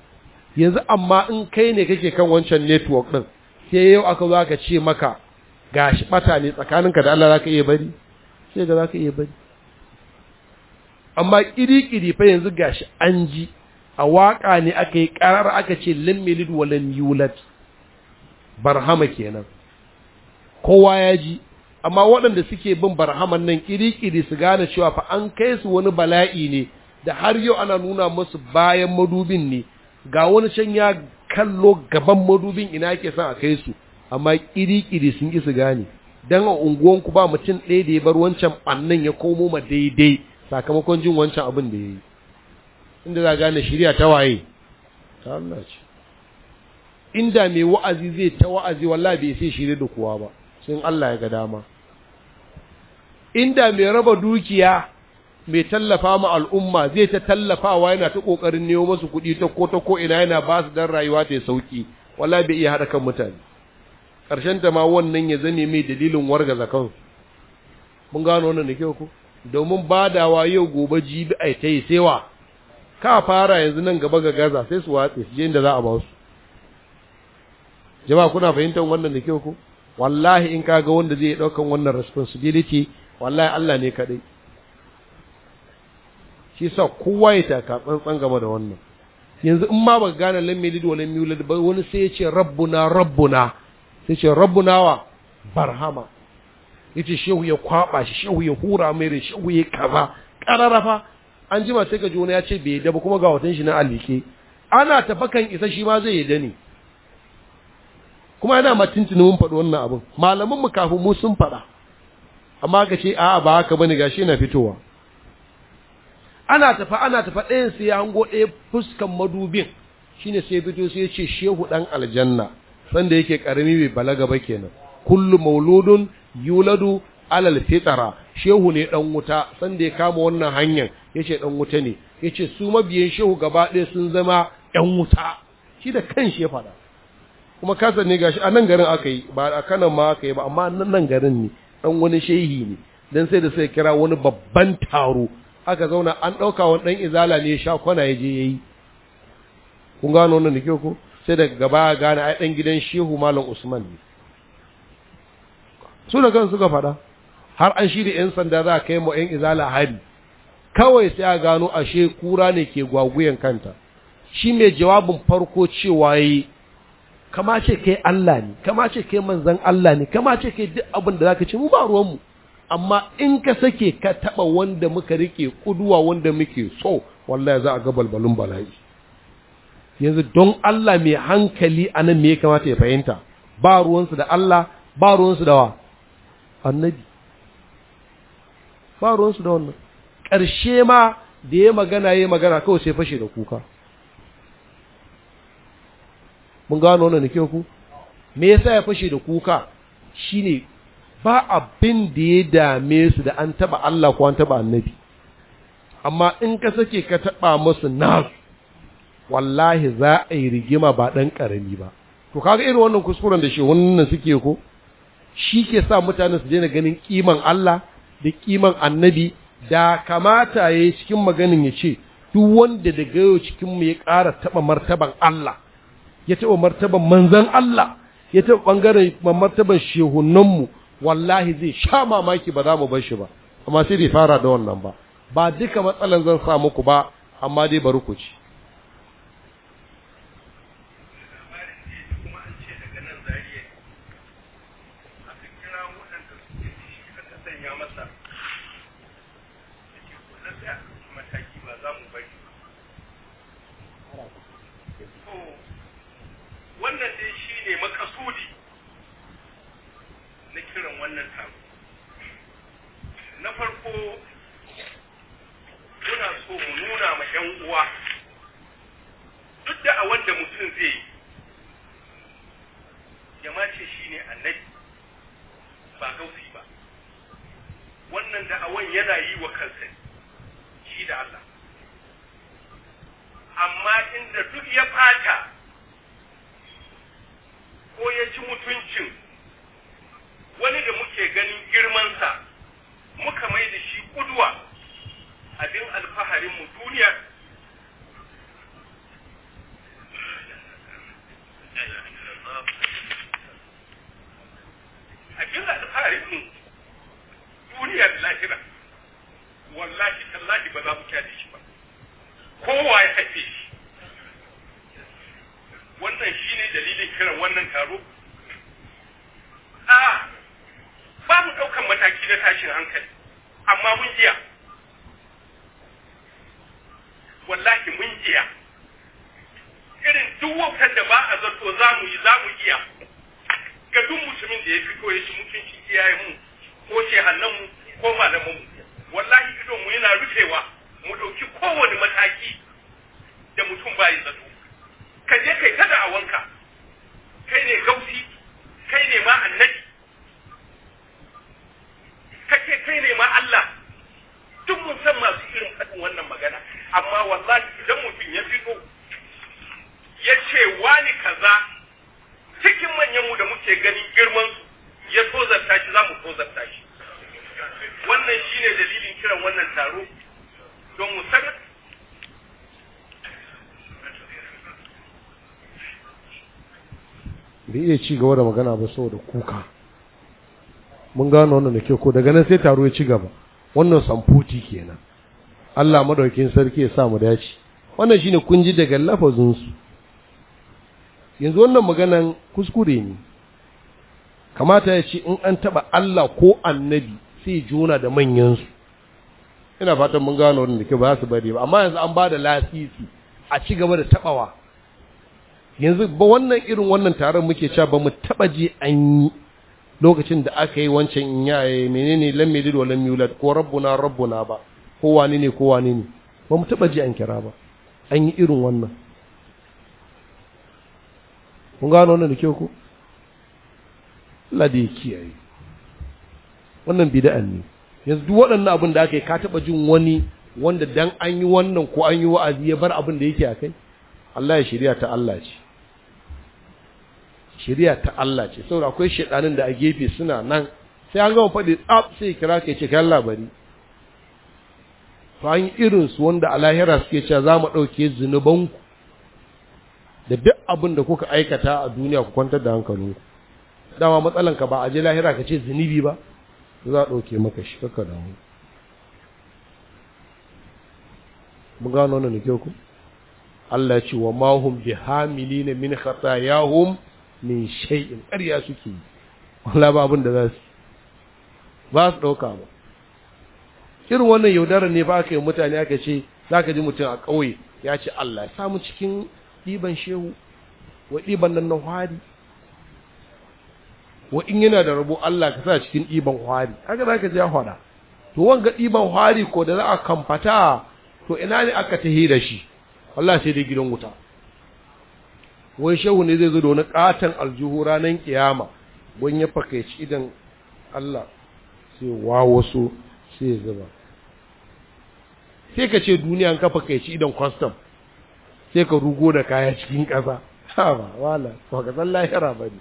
yanzu amma in kai ne kake kan wancan network din sai yau aka zo aka ce maka gashi bata ne tsakaninka da Allah zaka iya bari sai ga zaka iya bari amma kiri-kiri fa yanzu gashi an ji a waka ne aka yi karar aka ce lam milid wa lam yulad barhama kenan kowa ya ji amma waɗanda suke bin barhaman nan kirikiri su gane cewa fa an kai su wani bala'i ne da har yau ana nuna musu bayan madubin ne ga wani can ya kallo gaban madubin ina ke son a kai su amma kirikiri sun ki su gane dan a unguwanku ba mutum ɗaya da ya bar wancan ɓannan ya komo ma daidai sakamakon jin wancan abin da ya yi inda za gane shirya ta waye ta Allah ce inda mai wa'azi zai ta wa'azi wallahi bai sai shirya da kowa ba sun Allah ya ga dama inda mai raba dukiya mai tallafa ma al'umma zai ta tallafawa yana ta kokarin nemo musu kuɗi ta ko ta ko ina yana ba su dan rayuwa ta sauki wallahi bai iya haɗa kan mutane ƙarshen ta ma wannan ya zame mai dalilin warga kan mun gano wannan da kyau ko domin badawa yau gobe jibi ai ta yi sewa ka fara yanzu nan gaba ga gaza sai su watsi su je inda za a ba su jama'a kuna fahimtar wannan da kyau ko wallahi in kaga wanda zai ɗaukan wannan responsibility wallahi Allah ne kaɗai shi sa kowa ya taka tsantsan game da wannan yanzu in ma baka gane lam yalid wa lam yulad ba wani sai ya ce rabbuna rabbuna sai ce rabbuna wa barhama yace shehu ya kwaba shi shehu ya hura mai da shehu ya kaza kararafa an jima sai ka ji wani ya ce bai da ba kuma ga watan shi na alike ana tafakan isa shi ma zai yi dani kuma yana matuntuni mun faɗi wannan abin malaman mu kafin mu sun faɗa amma ka ce a'a ba haka bane gashi yana fitowa ana tafa ana tafa ɗayan sai ya hango ɗaya fuskan madubin shine sai fito sai ya ce shehu ɗan aljanna sanda yake karami bai balaga ba kenan kullu mauludun yuladu alal fitara shehu ne dan wuta sanda ya kama wannan hanyar yace dan wuta ne yace su mabiyan shehu gaba ɗaya sun zama ɗan wuta shi da kan shi ya faɗa kuma kasar ne gashi a nan garin aka yi ba a kanan ma aka yi ba amma nan garin ne dan wani shehi ne dan sai da sai kira wani babban taro aka zauna an ɗauka wani ɗan izala ne sha kwana ya je ya yi kun gano wannan da ko sai daga gaba gane ai ɗan gidan shehu malam usman ne su da kansu suka faɗa har an shirya 'yan sanda za a kai ma 'yan izala hari kawai sai a gano ashe kura ne ke gwaguyen kanta shi mai jawabin farko cewa yi kama ce kai Allah ne kama ce kai manzan Allah ne kama ce kai duk abin da zaka ce mu ba ruwanmu amma in ka sake ka taba wanda muka rike kuduwa wanda muke so wallahi za a ga balbalun bala'i yanzu don Allah mai hankali anan me ya kamata ya fahimta ba ruwansu da Allah ba ruwansu da wa annabi ba ruwansu da wannan ƙarshe ma da ya magana ya magana kawai sai fashe da kuka mun gano wannan ke ku me yasa ya fashe da kuka shine ba abin da ya dame su da an taba Allah ko an taba annabi amma in ka sake ka taba musu nasu wallahi za a yi rigima ba dan karami ba to kaga irin wannan kuskuren da shi wannan suke ko shi ke sa mutane su daina ganin kiman Allah da kiman annabi da kamata ya yi cikin maganin ya ce duk wanda daga yau cikin mu ya ƙara taba martaban Allah ya taɓa martaban manzan Allah ya taɓa ɓangaren martaban shehunanmu wallahi zai sha mamaki ba za mu bar shi ba amma sai bai fara da wannan ba ba duka matsalan zan sa muku ba amma dai bari ku ci ko muna so mu nuna ma 'yan uwa duk da a wanda mutum zai yi ya mace shi ne annabi ba gausi ba wannan da'awan yana yi wa kansa shi da Allah amma inda duk ya fata ko ya ci mutuncin gaba da magana ba saboda kuka mun gano wannan da ke ko daga nan sai taro ya ci gaba wannan samfuti kenan Allah madaukin sarki ya sa mu dace wannan shine kun ji daga lafazin su yanzu wannan maganan kuskure ne kamata ya ce in an taba Allah ko annabi sai juna da manyansu su ina fatan mun gano wannan da ke ba su bari ba amma yanzu an ba da lasisi a ci gaba da tabawa yanzu ba wannan irin wannan taron muke cewa ba mu taba ji an yi lokacin da aka yi wancan in yaye menene lam yalid wa lam yulad ko rabbuna rabbuna ba ko wani ne ko wani ne ba mu taba ji an kira ba an yi irin wannan kun gano wannan da kyau ko Allah da ya kiyaye wannan bid'a ne yanzu duk waɗannan abin da aka yi ka taba jin wani wanda dan an yi wannan ko an yi wa'azi ya bar abin da yake a kai Allah ya shirya ta Allah ce shari'a ta Allah ce saboda akwai shedanin da a gefe suna nan sai an gama faɗi tsaf sai kira ka ce kan labari to an irin su wanda a lahira suke cewa za mu ɗauke ku da duk abin da kuka aikata a duniya ku kwantar da hankalinku dama ka ba a je lahira ka ce zunubi ba za a ɗauke maka shi da mu. mun gano wannan ne kyau ku Allah ya ce wa mahum bihamilina min khatayahum min shay'in ƙarya suke yi wala ba abin da za su ba su ɗauka ba irin wannan yaudarar ne ba ka yi mutane aka ce za ka ji mutum a ƙauye ya ce Allah ya samu cikin ɗiban shehu wa ɗiban nan na hwari wa in yana da rabo Allah ka sa cikin ɗiban hwari haka za ka ji ya hwada to wanga ɗiban hwari ko da za a kamfata to ina ne aka tahi da shi Allah sai dai gidan wuta wai shehu ne zai zo da wani katon aljihu ranar kiyama wani ya fakaici idan Allah sai wa wasu sai zuba sai ka ce duniya ka fakaici idan kwastam sai ka rugo da kaya cikin ƙasa ha ba wala ba ka san lahira ba ne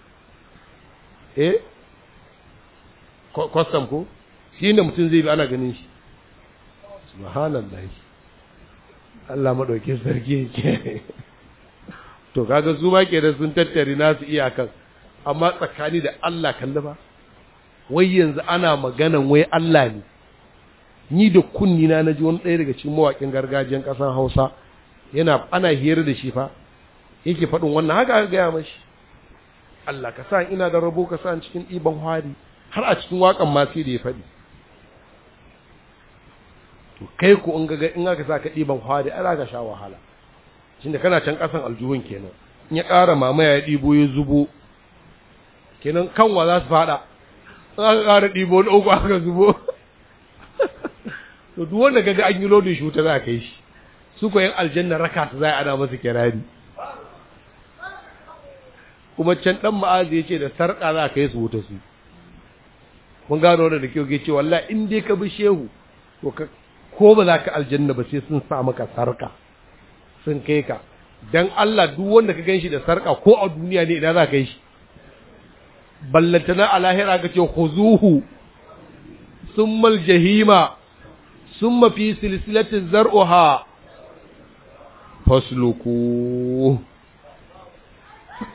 eh kwastam ko shi ne mutum zai bi ana ganin shi subhanallahi Allah maɗauki sarki ke. to kaga su ma kenan sun tattare nasu iyakan amma tsakani da Allah kalli ba wai yanzu ana maganan wai Allah ne ni da kunni na naji wani ɗaya daga cikin mawaƙin gargajiyan ƙasar Hausa yana ana hira da shi fa yake faɗin wannan haka aka gaya mashi Allah ka sa ina da rabo ka sa cikin ɗiban hari har a cikin waƙan ma sai da ya faɗi to kai ku in ga in aka sa ka ɗiban hari ai za ka sha wahala da kana can kasan aljuhun kenan in ya ƙara mamaya ya ɗibo ya zubo kenan kanwa za su faɗa za ka ƙara ɗibo na uku aka zubo <laughs> to duk wanda gaga an yi lodin shi za a kai shi su ko yin aljanna raka su za a ana masa kirari kuma can dan ma'azi ya ce da sarƙa za a kai su wuta su kun gano wanda da kyau ke ce wallahi in dai ka bi shehu to ko ba za ka aljanna ba sai sun sa maka sarƙa sun kai ka don Allah duk wanda ka ganshi da sarka ko a duniya ne ina za ka shi ballantana a lahira ka ce huzuhu summa aljahima sun mafi silsilatin zar'uha fasluku <laughs>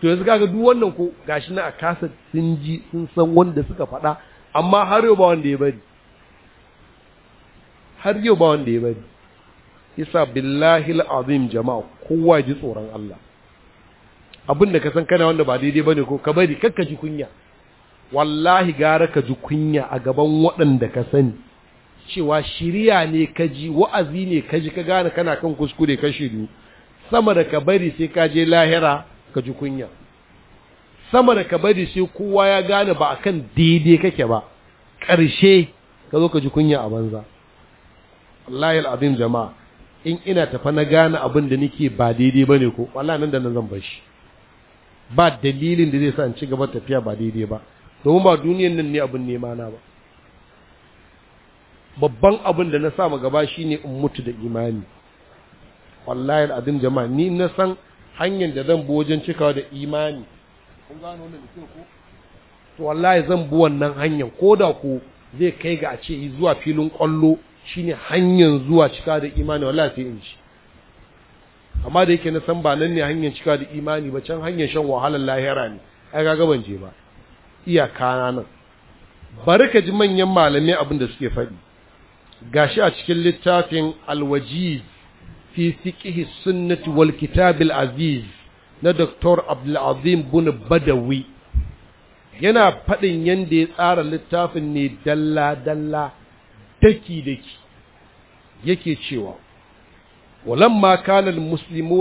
to yanzu kaga duk wannan ko gashi na a kasa sun ji sun san wanda suka faɗa amma har yau ba wanda ya bari har yau ba wanda ya bari yasa billahi azim jama'a kowa ji tsoron Allah abinda ka san kana wanda ba daidai bane ko ka bari kakka ji kunya wallahi gara ka ji kunya a gaban waɗanda ka sani cewa shiriya ne ka ji wa'azi ne ka ji ka gane kana kan kuskure ka shiru sama da ka bari sai ka je lahira ka ji kunya sama da ka bari sai kowa ya gane ba akan daidai kake ba karshe ka zo ka ji kunya a banza wallahi al'azim jama'a in ina tafa na gane abin da nake ba daidai bane ko wallahi nan da nan zan bar shi ba dalilin da zai sa in ci gaba tafiya ba daidai ba domin ba duniyan nan ne abin nema na ba babban abin da na sa ma gaba shine in mutu da imani wallahi al'adun jama'a ni na san hanyar da zan bi wajen cikawa da imani kun gano wannan da ko to wallahi zan bi wannan hanyar ko da ko zai kai ga a ce zuwa filin kwallo shine hanyar zuwa cika da imani wallahi sai in ji amma da yake na san ba nan ne hanyar cika da imani ba can hanyar shan wahalar lahira ne ai ga gaban je ba kana nan bari ka ji manyan malamai abin da suke faɗi gashi a cikin littafin alwajiz fi fiqhi sunnati wal kitab aziz na Dr. Abdul Azim bin Badawi yana faɗin yanda ya tsara littafin ne dalla dalla daki daki yake cewa walamma kana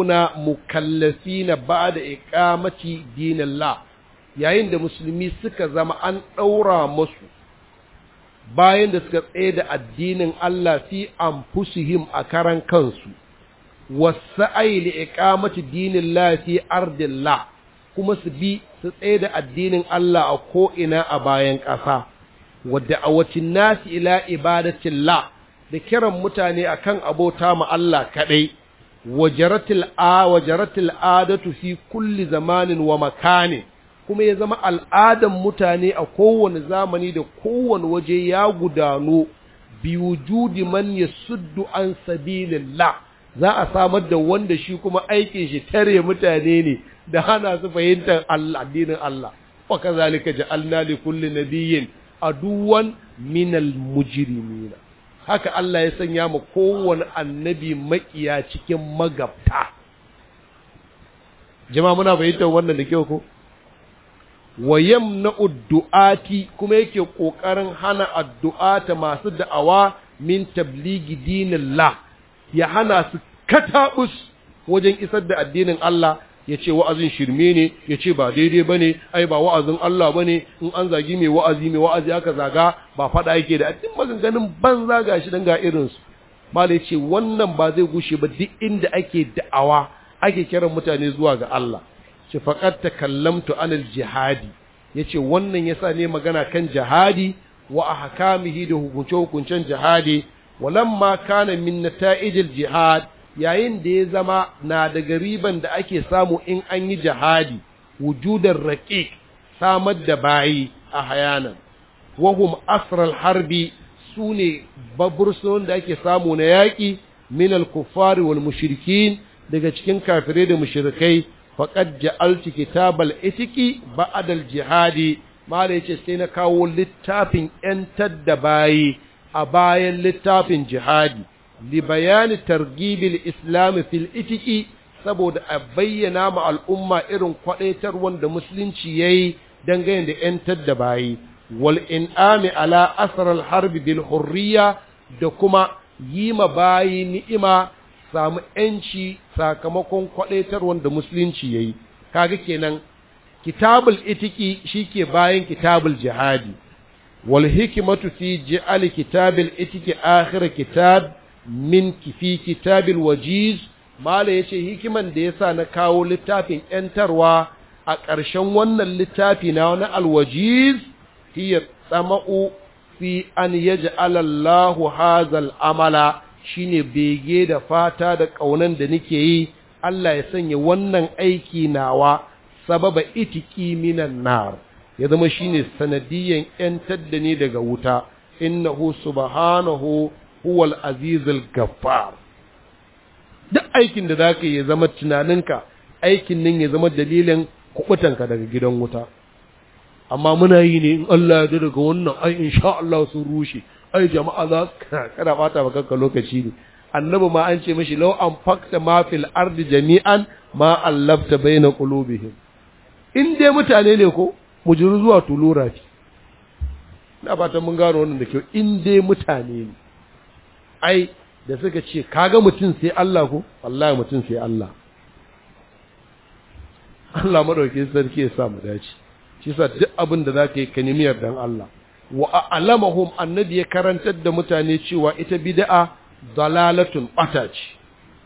na mukallafina ba'da iqamati dinillah yayin da musulmi suka zama an daura musu bayan da suka tsaye da addinin Allah fi anfusihim a karan kansu wasa'ai li iqamati dinillah fi ardillah kuma su bi su tsaye da addinin Allah a ko'ina a bayan ƙasa wadda a wacin nasi ila ibadatillah da kiran mutane akan abota ma Allah kaɗai, wajaratil a adatu fi kulli zamanin wa makani kuma ya zama al'adan mutane a kowane zamani da kowane waje ya gudano bi wujudi man yasuddu an sabilillah za a samar da wanda shi kuma aikin shi tare mutane ne da hana su fahimtar Allah addinin Allah wa kazalika ja'alna li kulli nabiyyin aduwan minal mujrimina haka Allah ya sanya mu kowane annabi makiya cikin magabta jama'a muna bayyana wannan da kyau ko Wayam na addu'ati kuma yake ƙoƙarin hana addu'ata masu da'awa min tabligi dinillah ya hana su katabus wajen isar da addinin Allah ya ce wa'azin shirme ne ya ce ba daidai ba ne ai ba wa'azin Allah ba ne in an zagi mai wa'azi mai wa'azi aka zaga ba faɗa yake da duk maganganun ban zaga shi dan ga irinsu mala ya ce wannan ba zai gushe ba duk inda ake da'awa ake kiran mutane zuwa ga Allah ce ta takallamtu anil jihadi yace wannan yasa ne magana kan jihadi wa hakamihi da hukunce hukuncen jihadi walamma kana min nata'ijil jihad yayin da ya zama na daga riban da ake samu in an yi jihadi wujudar raƙiƙ samar da bayi a hayanan wahum asral harbi su ne babbursun da ake samu na yaƙi min alkufari kuffari wal mushrikin daga cikin kafirai da mushirikai faqad ja'altu kitabal itiki ba'da al-jihadi mala yace sai na kawo littafin 'yantar da bayi a bayan littafin jihadi li bayani targibil islam fil itiki saboda a bayyana ma al'umma irin kwadaitar wanda musulunci yayi dangane da yantar da bayi wal in'ami ala asr al harb bil hurriya da kuma yi ma bayi ni'ima samu yanci sakamakon kwadaitar wanda musulunci yayi kaga kenan kitabul itiki shike bayan kitabul jihadi wal hikmatu fi ji'al kitabil itiki akhir kitab min fi kitabil wajiz mala yace hikiman da yasa na kawo littafin yantarwa a ƙarshen wannan littafi na wani alwajiz hiya tsama'u fi an yaj'ala hazal amala shine bege da fata da kaunan da nake yi Allah ya sanya wannan aiki nawa sababa itiki minan nar ya zama shine sanadiyan yantar da ni daga wuta innahu subhanahu huwal azizul gaffar duk aikin da zaka yi zama tunaninka aikin nan ya zama dalilin kubutanka daga gidan wuta amma muna yi ne in Allah ya daga wannan ai insha Allah sun rushe ai jama'a za kada bata ba kanka lokaci ne annabi ma an ce mishi law an fakta ma fil ardi jami'an ma allafta baina qulubihim in dai mutane ne ko mujuru zuwa tulura fi na fatan mun gano wannan da kyau in dai mutane ne ai da suka ce kaga mutum sai Allah ko wallahi mutum sai Allah Allah madaukakin sarki ya sa mu dace shi sa duk abin da zaka yi ka nemi yardan Allah wa a'lamahum annabi ya karantar da mutane cewa ita bid'a dalalatun bata ce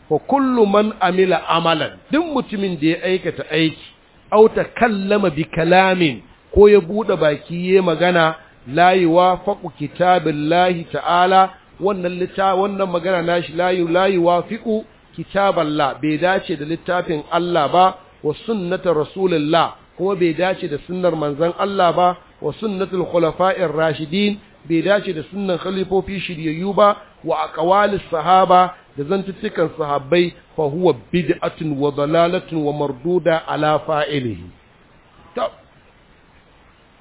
fa kullu man amila amalan duk mutumin da ya aikata aiki aw kallama bi kalamin ko ya bude baki yayi magana la yuwafaqu kitabillahi ta'ala wannan litta wannan magana nashi layu layu wafiqu kitaballah bai dace da littafin Allah ba wa sunnata rasulillah kuma bai dace da sunnar manzon Allah ba wa sunnatul khulafa'ir rashidin bai dace da sunnan khalifofi shiryayyu ba wa aqwalis sahaba da zantuttukan sahabbai fa huwa bid'atun wa dalalatun wa marduda ala fa'ilihi to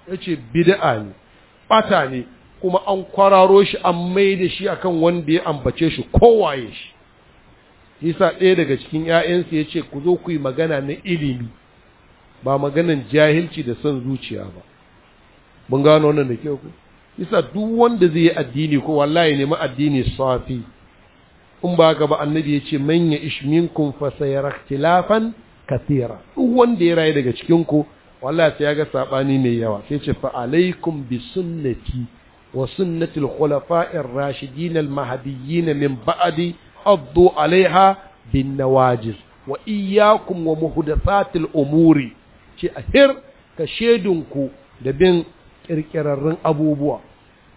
yace bid'a ne bata ne kuma an kwararo shi an mai da shi akan wanda ya ambace shi kowaye shi yasa ɗaya daga cikin ‘ya'yansu ya ce ku zo ku yi magana na ilimi ba maganan jahilci da son zuciya ba mun gano wannan da kyau ku yasa duk wanda zai yi addini ko wallahi nemi addini safi in ba gaba ba annabi ya ce manya ishminkum fa kilafan kathira duk wanda ya rayu daga cikin ku wallahi ya ga saɓani mai yawa sai ce fa alaikum bi sunnati وسنة الخلفاء الراشدين المهديين من بعد أضوا عليها بالنواجز وإياكم ومحدثات الأمور ce a hir ka da bin ƙirƙirarrun abubuwa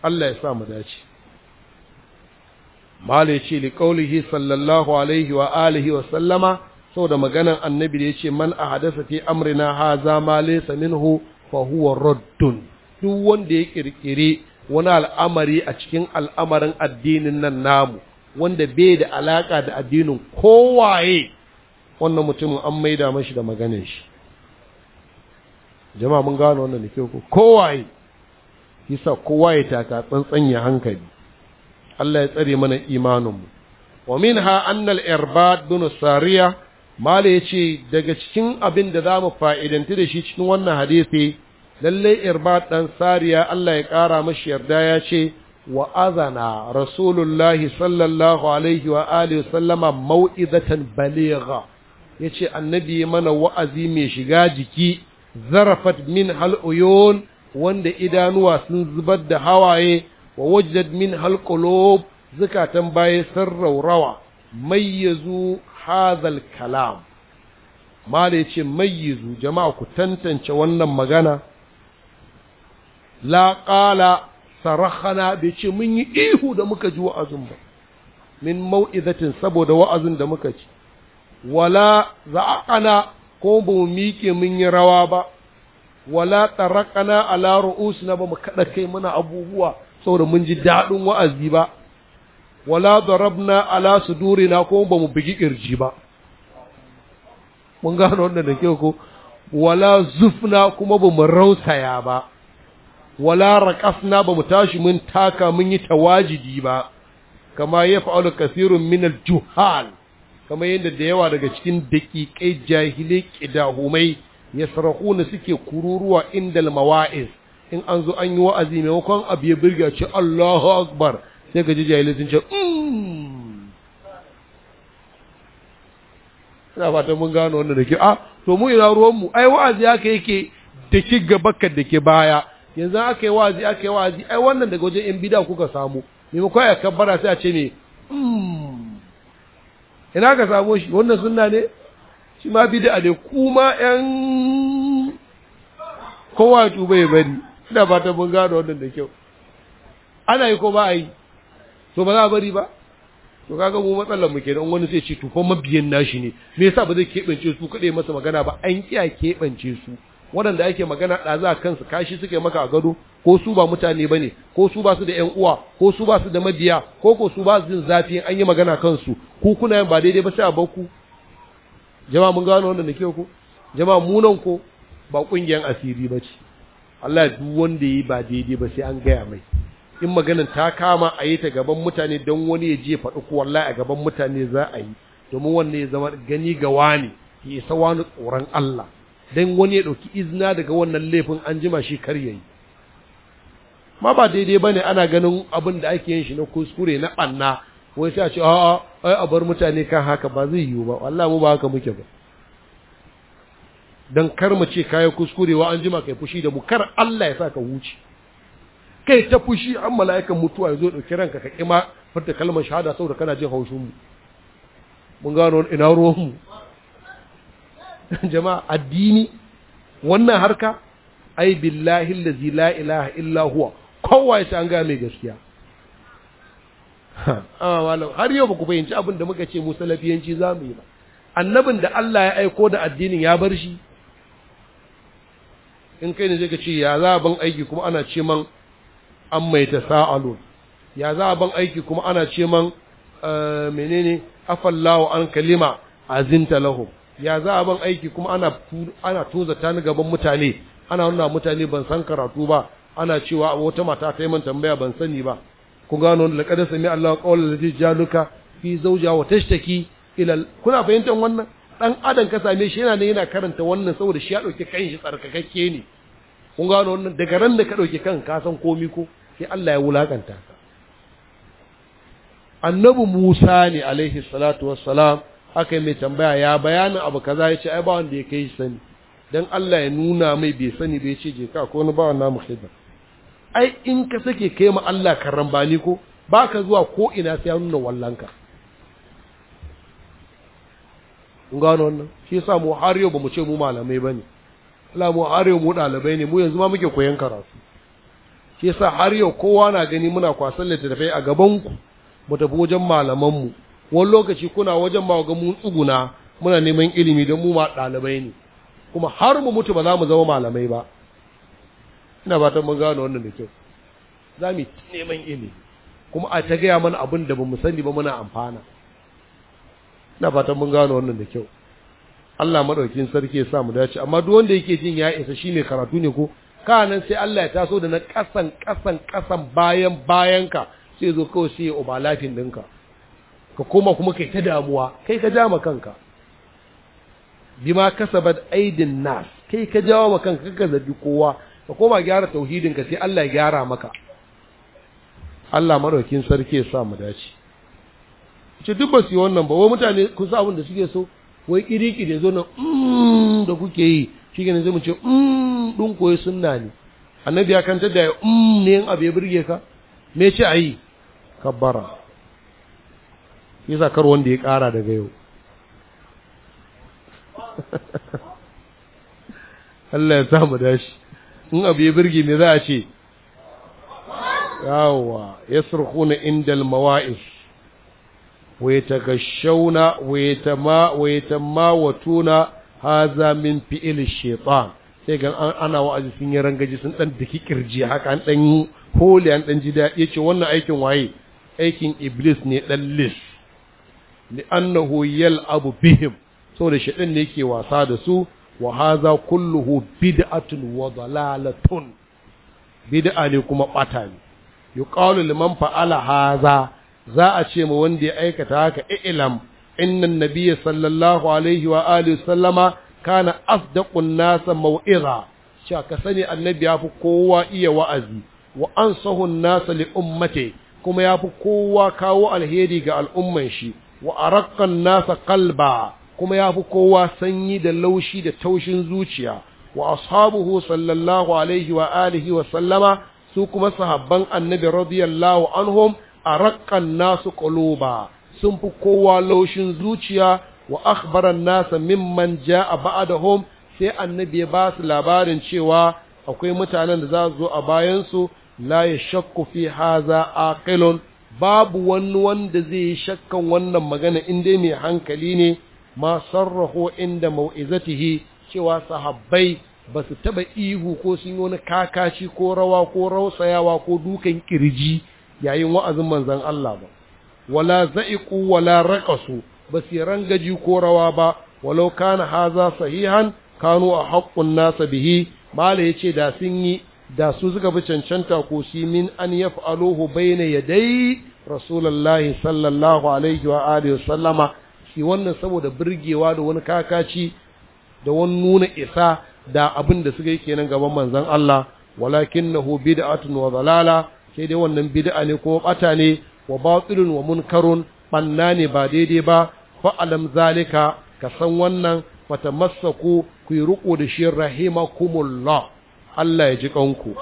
Allah ya sa mu dace Mala ce li qaulihi sallallahu alaihi wa alihi wa sallama saboda maganan annabi ya ce man ahadasa fi amrina haza ma laysa duk wanda ya kirkire wani al'amari a cikin al'amarin addinin nan namu wanda bai da alaka da addinin kowaye wannan mutumin an maida mashi da maganin shi jama'a mun gano wannan da kyau kowaye Kisa kowaye taka tsantsan ya hankali Allah ya tsare mana imaninmu wa ha annal irbad bin sariya mala yace daga cikin abin da zamu fa'idanti da shi cikin wannan hadisi lallai irbat dan sariya Allah ya ƙara mashi yarda ya ce wa azana rasulullahi sallallahu alaihi wa alihi sallama mau'izatan baligha yace annabi mana wa'azi mai shiga jiki zarafat min hal uyun wanda idanuwa sun zubar da hawaye wa wajjad min hal qulub zakatan baye sarraurawa mayyazu hadhal kalam mal yace mayyizu jama'a ku tantance wannan magana la qala sarakhana bai ce mun yi ihu da muka ji wa'azin ba min mau'izatin saboda wa'azin da muka ci wala za'aqana ko ba mu miƙe mun yi rawa ba wala tarakana ala ru'usina ba mu kada kai muna abubuwa saboda mun ji daɗin wa'azi ba wala darabna ala sudurina ko ba mu bigi kirji ba mun gano wannan da ke ko wala zufna kuma ba mu rausaya ba wala raqasna ba mu tashi mun taka mun yi tawajidi ba kama ya fa'alu kasirun min al-juhal kama yadda da yawa daga cikin daƙiƙai jahilai ƙidahumai ya sarakuna suke kururuwa inda mawa'iz in an zo an yi wa'azi maimakon abu ya birga ce Allahu Akbar sai ka ji jahilai sun ce mm. ina fatan mun gano wannan da ke a ah, to mu ina ruwanmu ai wa'azi haka yake da ki gaba ka da ke baya yanzu aka yi wazi aka yi wazi ai wannan daga wajen yan bida kuka samu maimakon ya kabbara sai a ce me hmm. ina ka samo shi wannan sunna ne shi ma bida ne kuma yan kowa tuba ya bari ina ta mun gano wannan da kyau ana yi ko ba a yi to ba za a bari ba to kaga mu matsalar mu kenan wani sai ce tufan mabiyan nashi ne me yasa ba zai keɓance su kaɗai masa magana ba an kiya keɓance su waɗanda ake magana ɗaza kansu kashi suke maka a gado ko su ba mutane ba ne ko su ba su da ƴan uwa ko su ba su da mabiya ko ko su ba su jin zafi an yi magana kansu ku kuna ba daidai ba sai a bakku jama'a mun gano wannan da ke ku jama'a munan ko ba ƙungiyar asiri ba ce Allah duk wanda yi ba daidai ba sai an gaya mai in maganar ta kama a yi ta gaban mutane don wani ya je faɗi ko wallahi a gaban mutane za a yi domin wannan ya zama gani ga wani ya isa wani tsoron Allah don wani ya ɗauki izina daga wannan laifin an jima shi kar yayi ma ba daidai bane ana ganin abin da ake yin shi na kuskure na ɓanna wai sai a ce a a a bar mutane kan haka ba zai yiwu ba wallahi mu ba haka muke ba dan kar mu ce kayan kuskurewa an jima kai fushi da mu kar Allah ya sa ka huce kai ta fushi an mala'ikan mutuwa ya zo ɗauki ranka ka kima furta kalmar shahada saboda kana jin haushin mu mun gano ina ruwan mu <laughs> jama'a addini wannan harka ai billahi allazi la ilaha illa huwa kowa ya an ga mai gaskiya amma <laughs> malam har yau baku fahimci abin da muka ce musalafiyanci salafiyanci za mu yi ba annabin da Allah ya aiko da addinin ya bar shi in kai ne zai ka ce ya za ban aiki kuma ana ce man an mai ta sa'alo ya za ban aiki kuma ana ce man eh, menene afallahu an kalima azinta lahum ya za a ban aiki kuma ana ana ta ni gaban mutane ana nuna mutane ban san karatu ba ana cewa wata mata ta yi man tambaya ban sani ba ku gano laqad sami Allah qawlan lati jaluka fi zawja wa tashtaki ila kuna fahimtar wannan dan adam ka same shi yana ne yana karanta wannan saboda shi ya dauke kan shi tsarkakakke ne kun gano wannan daga ran da ka dauke kan ka san komi ko sai Allah ya wulakanta ka annabi Musa ne alaihi salatu wassalam aka yi mai tambaya ya bayanin abu kaza ya ce ai ba wanda ya kai sani dan Allah ya nuna mai bai sani bai ce je ka ko wani ba bawan namu haifar? ai in ka sake kai ma Allah karambani ko baka zuwa ko ina sai ya nuna wallanka gano wannan shi yasa mu har yau bamu ce mu malamai bane Allah mu har yau mu dalibai ne mu yanzu ma muke koyon karatu shi yasa har yau kowa na gani muna kwasan littattafai a gaban ku mu tafi wajen malaman mu wani lokaci kuna wajen ba ga mun tsuguna muna neman ilimi don mu ma ɗalibai ne kuma har mu mutu ba za mu zama malamai ba ina fatan mun gano wannan da kyau za mu yi neman ilimi kuma a ta gaya mana abin da ba mu sani ba muna amfana ina fatan mun gano wannan da kyau Allah madaukin sarki ya sa mu dace amma duk wanda yake jin ya isa shine karatu ne ko kana sai Allah ya taso da na kasan kasan kasan bayan bayanka sai zo kawai sai ya ubalafin dinka ka koma kuma kai ta damuwa kai ka ja kanka bima kasabat aidin nas kai ka jawo ma kanka ka zabi kowa ka koma gyara tauhidin ka sai Allah ya gyara maka Allah madaukin sarki ya sa mu dace ce duk ba su yi wannan ba wai mutane kun sa abin da suke so wai kiriki da zo nan mm, da kuke yi shi ne zai mu ce mm, ɗin koyi sunna ne annabi ya kantar da ya mm, ne in abu ya burge ka me ce a yi kabbara yasa kar wanda ya kara daga yau Allah ya sa mu dashi in abu ya birge me za a ce yawa yasrukuna indal mawa'is wa yataghashawna wa yatama haza min fi'il shaytan sai ga ana wa'azi sun yi rangaji sun dan daki kirji haka an dan holi an dan ji da yace wannan aikin waye aikin iblis ne dan li'annahu yal'abu bihim saboda shaɗin ne yake wasa da su wa haza kulluhu bid'atun wa dalalatun bid'a ne kuma bata ne yuqalu liman fa'ala haza za a ce ma wanda ya aikata haka i'lam inna nabiyya sallallahu alaihi wa alihi sallama kana asdaqun nasa mau'iza cewa ka sani annabi ya fi kowa iya wa'azi wa ansahun nasa li ummati kuma ya fi kowa kawo alheri ga al'umman shi wa araqqan nasa kalba kuma ya fi kowa sanyi da laushi da taushin zuciya wa ashabuhu sallallahu alaihi wa alihi wa sallama su kuma sahabban annabi radiyallahu anhum araqqan nasu quluba sun fi kowa laushin zuciya wa akhbaran nasa mimman a ba'adahum, sai annabi ya ba su labarin cewa akwai mutanen da za su zo a bayansu la yashakku fi haza aqilun babu wani wanda zai yi shakkan wannan magana in dai mai hankali ne ma sarraho inda mau'izatihi cewa sahabbai ba su taɓa ihu ko sun yi wani kakashi ko rawa ko rausayawa ko dukan ƙirji. yayin wa'azin manzan Allah ba wala za'iqu wala raqasu ba su rangaji ko rawa ba walau kana haza sahihan kanu a haƙƙun nasa bihi mala yace da sun yi da su suka fi cancanta ko shi min an na ya dai, rasulallahi sallallahu alaihi wa alihi sallama shi wannan saboda birgewa da wani kakaci da wani nuna isa da abin da suka yi kenan gaban manzan Allah Walakin da atun wa zalala sai dai wannan bid'a ne ko bata ne wa batsirin wa munkarun ɓanna ne ba daidai ba fa’alam zalika ka san wannan fatamassa ku yi riko da shi rahimakumullah Allah ya ji kanku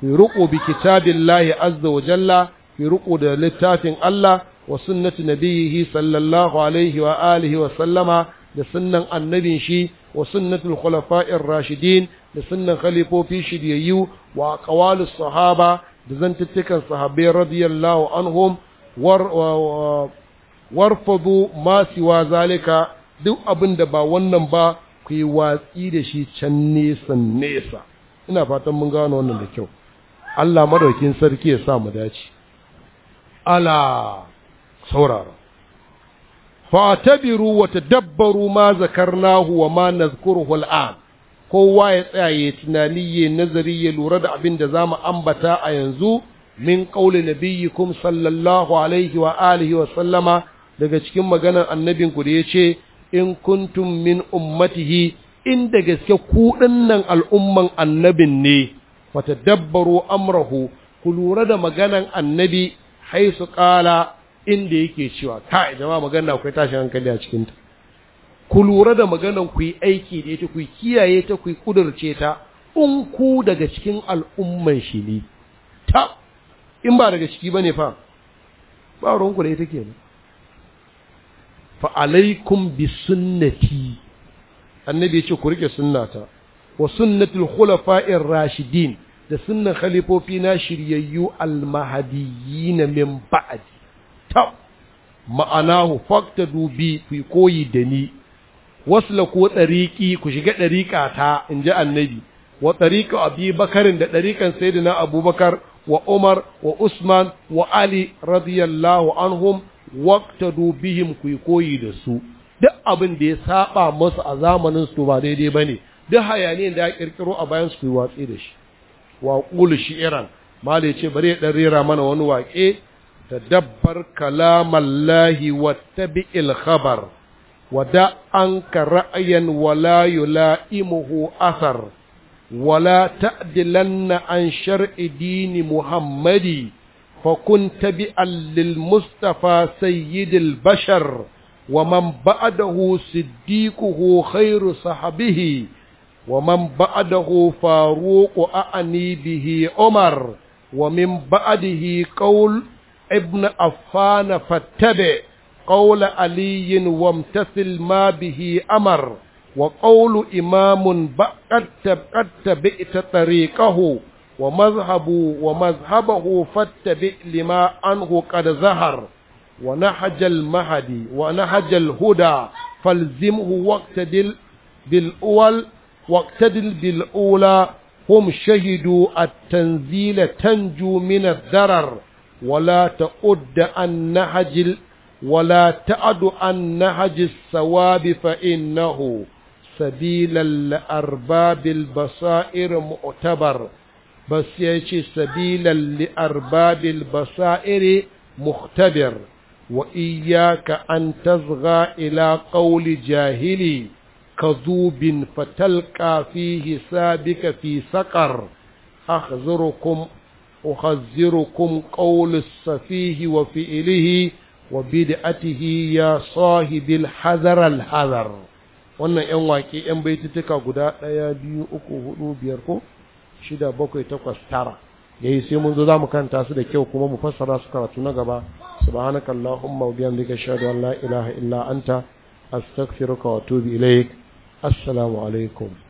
ku riƙo bi kitabillahi azza wa jalla ku riƙo da littafin Allah wa sunnati nabiyhi sallallahu alaihi wa alihi wa sallama da sunnan annabin shi wa sunnatul khulafa'ir rashidin da sunnan khalifofi shidiyayyu wa aqwalus sahaba da zantuttukan sahabbai radiyallahu anhum war warfadu ma siwa zalika duk abin da ba wannan ba ku yi watsi da shi can nesa nesa ina fatan mun gano wannan da kyau Allah madaukin sarki ya sa mu dace ala saurara fatabiru wa tadabbaru ma zakarnahu wa ma nazkuruhu al'an kowa ya tsaya tunani ya nazari ya lura da abin da zamu ambata a yanzu min qauli nabiyikum sallallahu alaihi wa alihi wa sallama daga cikin maganar annabinku da yace in kuntum min ummatihi inda gaske ku nan al'umman annabin ne wata dabbaro amrahu ku lura da maganan annabi haisu ƙala inda yake cewa ta jama'a magana akwai tashin hankali a cikinta ku lura da maganan ku yi aiki da ita ku kiyaye ta ku kudurce ta in ku daga cikin al'umman shi ne ta in ba daga ciki bane fa ba ruwanku da ita kenan fa alaikum bi sunnati annabi ya ce ku rike sunnata wa sunnatul khulafa'ir rashidin da sunnan khalifofi na shiryayyu almahadiyyin min ba'di ta ma'anahu fakta dubi ku koyi da ni wasla ko tsariki ku shiga ɗariƙa ta in ji annabi wa tsarika abi bakarin da ɗariƙan sayyidina abubakar wa umar wa usman wa ali radiyallahu anhum waqtadu bihim ku koyi da su duk abin da ya saba masu a zamanin su ba daidai bane duk hayaniyan da ya kirkiro a bayan su watsi da shi wa qul shi'ran malai ce bari ya dan rera mana wani waƙe tadabbar kalamallahi wattabi'il khabar wada anka ra'ayan wala yula'imuhu athar ولا تعدلن عن شرع دين محمد فكن تبعا للمصطفى سيد البشر ومن بعده صديقه خير صحبه ومن بعده فاروق أعني به عمر ومن بعده قول ابن عفان فاتبع قول علي وامتثل ما به أمر وقول إمام قد تبئت طريقه ومذهبه ومذهبه فاتبع لما عنه قد ظهر wa nahajal mahadi wa nahajal huda falzimhu waqtadil bil awwal waqtadil bil ula hum shahidu at-tanzila tanju min darar ولا تعد عن نهج ولا تعد عن نهج الثواب فإنه سبيل لأرباب البصائر مؤتبر بس يشي سبيلا لأرباب البصائر مختبر wa iyyaka an tazgha ila ƙauli jahili kazubin fatalqa fi hisabika fi saqar akhzurukum wa قول السفيه وفئله وبدعته يا صاحب الحذر الحذر wannan ‘yan waƙe ‘yan baitutuka guda ɗaya biyu uku hudu biyar ko shida bakwai takwas tara yayi sai mun zo za mu kanta su da kyau kuma mu fassara su karatu na gaba subhanaka allahumma wa bihamdika ashhadu an la ilaha illa anta astaghfiruka wa atubu ilaik assalamu alaikum